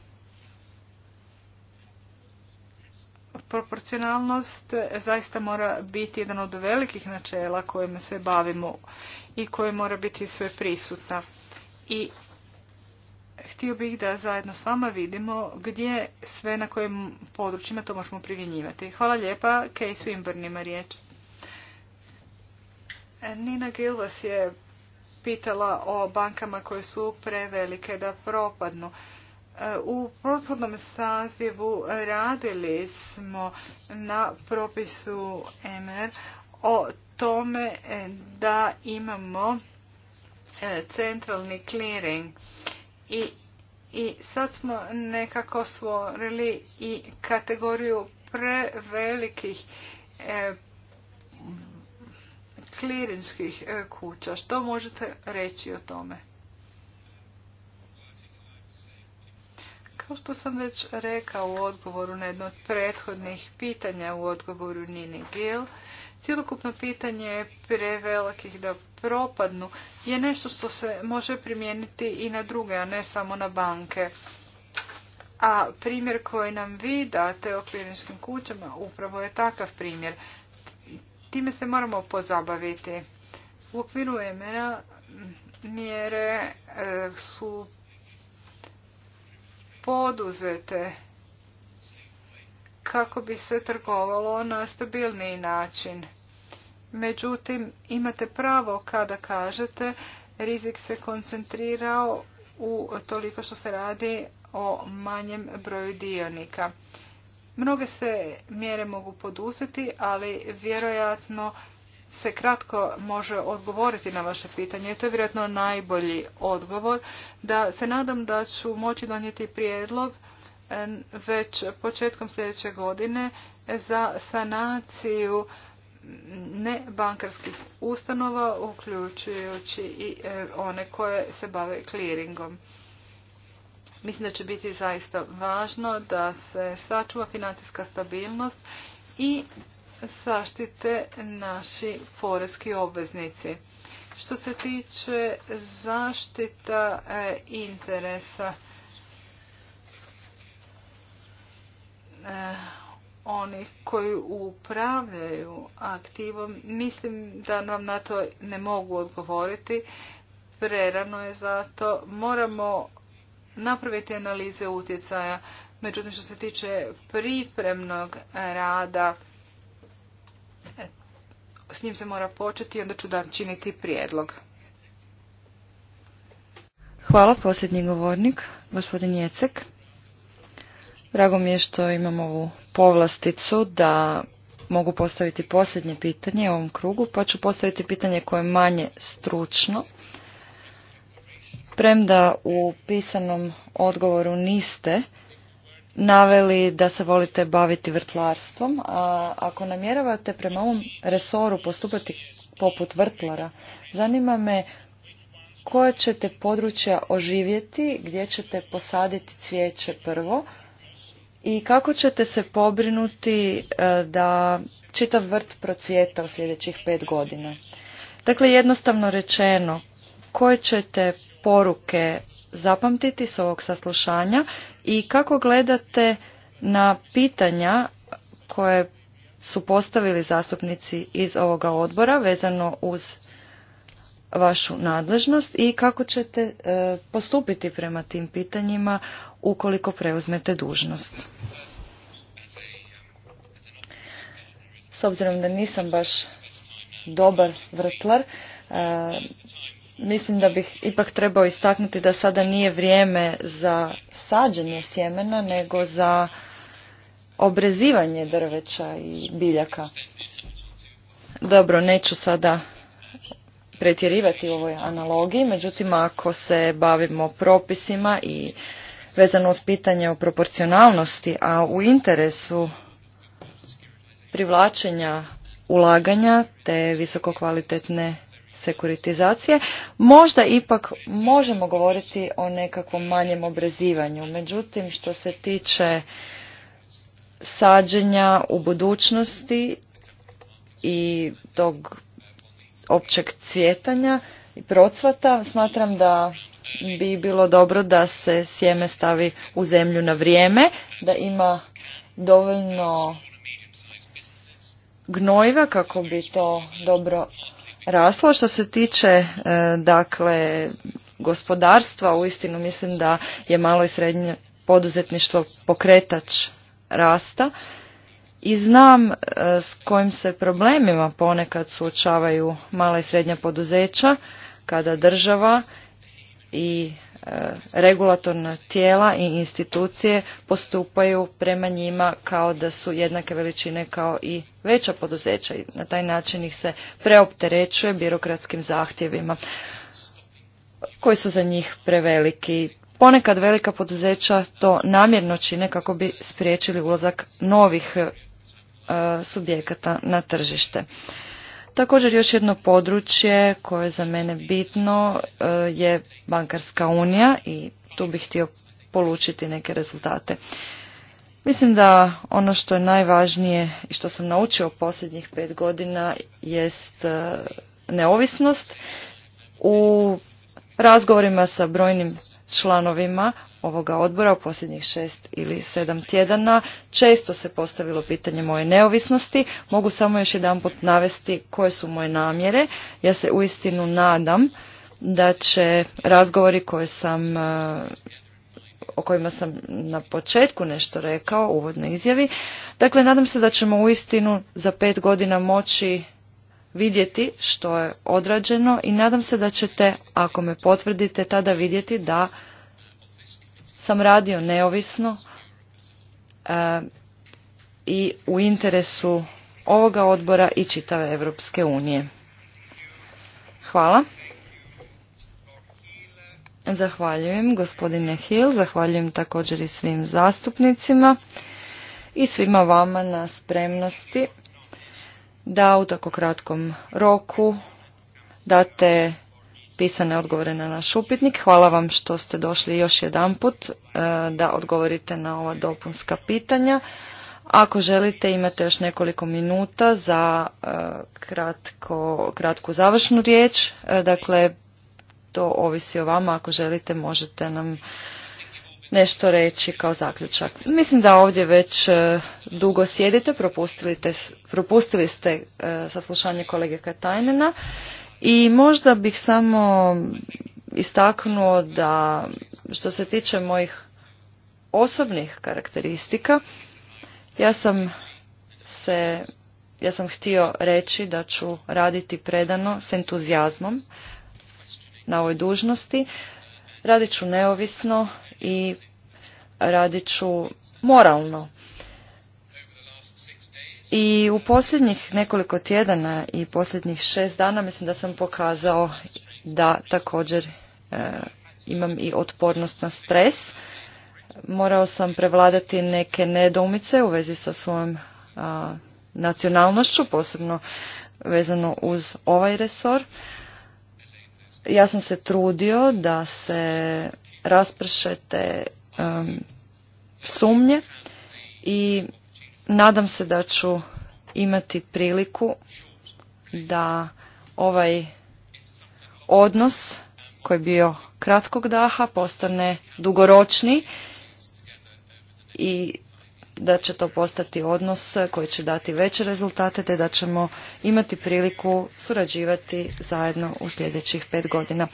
proporcionalnost e, zaista mora biti jedan od velikih načela kojima se bavimo i koje mora biti sve prisutna. I htio bih da zajedno s vama vidimo gdje sve na kojim područjima to možemo primjenjivati. Hvala lijepa, Kej Swinburne ima riječ. E, Nina Gilvas je pitala o bankama koje su prevelike da propadnu. U prethodnom sazivu radili smo na propisu MR o tome e, da imamo e, centralni clearing i, i sad smo nekako stvorili i kategoriju prevelikih klirinskih e, kuća. Što možete reći o tome? Kao što sam već rekao u odgovoru na jedno od prethodnih pitanja u odgovoru Nini Gil, cjelokupno pitanje prevelikih da propadnu je nešto što se može primijeniti i na druge, a ne samo na banke. A primjer koji nam vi date o kućama upravo je takav primjer. Time se moramo pozabaviti. U okviru emena mjere e, su poduzete kako bi se trgovalo na stabilniji način. Međutim, imate pravo kada kažete rizik se koncentrirao u toliko što se radi o manjem broju dionika. Mnoge se mjere mogu poduzeti, ali vjerojatno se kratko može odgovoriti na vaše pitanje. To je vjerojatno najbolji odgovor. Da se nadam da ću moći donijeti prijedlog već početkom sljedeće godine za sanaciju nebankarskih ustanova, uključujući i e, one koje se bave kliringom. Mislim da će biti zaista važno da se sačuva financijska stabilnost i zaštite naši porezki obveznici. Što se tiče zaštita e, interesa e, onih koji upravljaju aktivom, mislim da nam na to ne mogu odgovoriti. Prerano je zato. Moramo napraviti analize utjecaja. Međutim, što se tiče pripremnog rada s njim se mora početi, onda ću da činiti prijedlog. Hvala, posljednji govornik, gospodin Jecek. Drago mi je što imam ovu povlasticu da mogu postaviti posljednje pitanje u ovom krugu, pa ću postaviti pitanje koje je manje stručno. Premda u pisanom odgovoru niste naveli da se volite baviti vrtlarstvom, a ako namjeravate prema ovom resoru postupati poput vrtlara, zanima me koja ćete područja oživjeti, gdje ćete posaditi cvijeće prvo i kako ćete se pobrinuti e, da čitav vrt procvjeta u sljedećih pet godina. Dakle, jednostavno rečeno, koje ćete poruke zapamtiti s ovog saslušanja i kako gledate na pitanja koje su postavili zastupnici iz ovoga odbora vezano uz vašu nadležnost i kako ćete e, postupiti prema tim pitanjima ukoliko preuzmete dužnost. S obzirom da nisam baš dobar vrtlar, e, mislim da bih ipak trebao istaknuti da sada nije vrijeme za sađenje sjemena, nego za obrezivanje drveća i biljaka. Dobro, neću sada pretjerivati u ovoj analogiji, međutim ako se bavimo propisima i vezano uz pitanje o proporcionalnosti, a u interesu privlačenja ulaganja te visokokvalitetne sekuritizacije, možda ipak možemo govoriti o nekakvom manjem obrezivanju. Međutim, što se tiče sađenja u budućnosti i tog općeg cvjetanja i procvata, smatram da bi bilo dobro da se sjeme stavi u zemlju na vrijeme, da ima dovoljno gnojiva kako bi to dobro raslo. Što se tiče e, dakle gospodarstva, uistinu mislim da je malo i srednje poduzetništvo pokretač rasta i znam e, s kojim se problemima ponekad suočavaju mala i srednja poduzeća kada država i e, regulatorna tijela i institucije postupaju prema njima kao da su jednake veličine kao i veća poduzeća i na taj način ih se preopterećuje birokratskim zahtjevima koji su za njih preveliki. Ponekad velika poduzeća to namjerno čine kako bi spriječili ulazak novih e, subjekata na tržište. Također još jedno područje koje je za mene bitno e, je bankarska unija i tu bih htio polučiti neke rezultate. Mislim da ono što je najvažnije i što sam naučio posljednjih pet godina jest e, neovisnost. U razgovorima sa brojnim članovima ovoga odbora u posljednjih šest ili sedam tjedana. Često se postavilo pitanje moje neovisnosti. Mogu samo još jedan navesti koje su moje namjere. Ja se uistinu nadam da će razgovori koje sam e, o kojima sam na početku nešto rekao u uvodnoj izjavi. Dakle, nadam se da ćemo uistinu za pet godina moći vidjeti što je odrađeno i nadam se da ćete, ako me potvrdite, tada vidjeti da sam radio neovisno e, i u interesu ovoga odbora i čitave Europske unije. Hvala. Zahvaljujem gospodine Hill, zahvaljujem također i svim zastupnicima i svima vama na spremnosti da u tako kratkom roku date pisane odgovore na naš upitnik. Hvala vam što ste došli još jedanput e, da odgovorite na ova dopunska pitanja. Ako želite imate još nekoliko minuta za e, kratko, kratku završnu riječ. E, dakle, to ovisi o vama. Ako želite možete nam nešto reći kao zaključak. Mislim da ovdje već e, dugo sjedite, propustili, ste e, saslušanje kolege Katajnena i možda bih samo istaknuo da što se tiče mojih osobnih karakteristika, ja sam se, ja sam htio reći da ću raditi predano s entuzijazmom na ovoj dužnosti. Radit ću neovisno, i radit ću moralno. I u posljednjih nekoliko tjedana i posljednjih šest dana mislim da sam pokazao da također e, imam i otpornost na stres. Morao sam prevladati neke nedoumice u vezi sa svojom nacionalnošću, posebno vezano uz ovaj resor. Ja sam se trudio da se raspršete sumnje i nadam se da ću imati priliku da ovaj odnos koji je bio kratkog daha postane dugoročni i da će to postati odnos koji će dati veće rezultate te da ćemo imati priliku surađivati zajedno u sljedećih pet godina.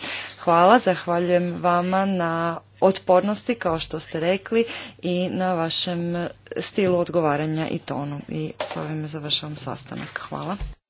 Hvala, zahvaljujem vama na otpornosti kao što ste rekli i na vašem stilu odgovaranja i tonu. I s ovim završavam sastanak. Hvala.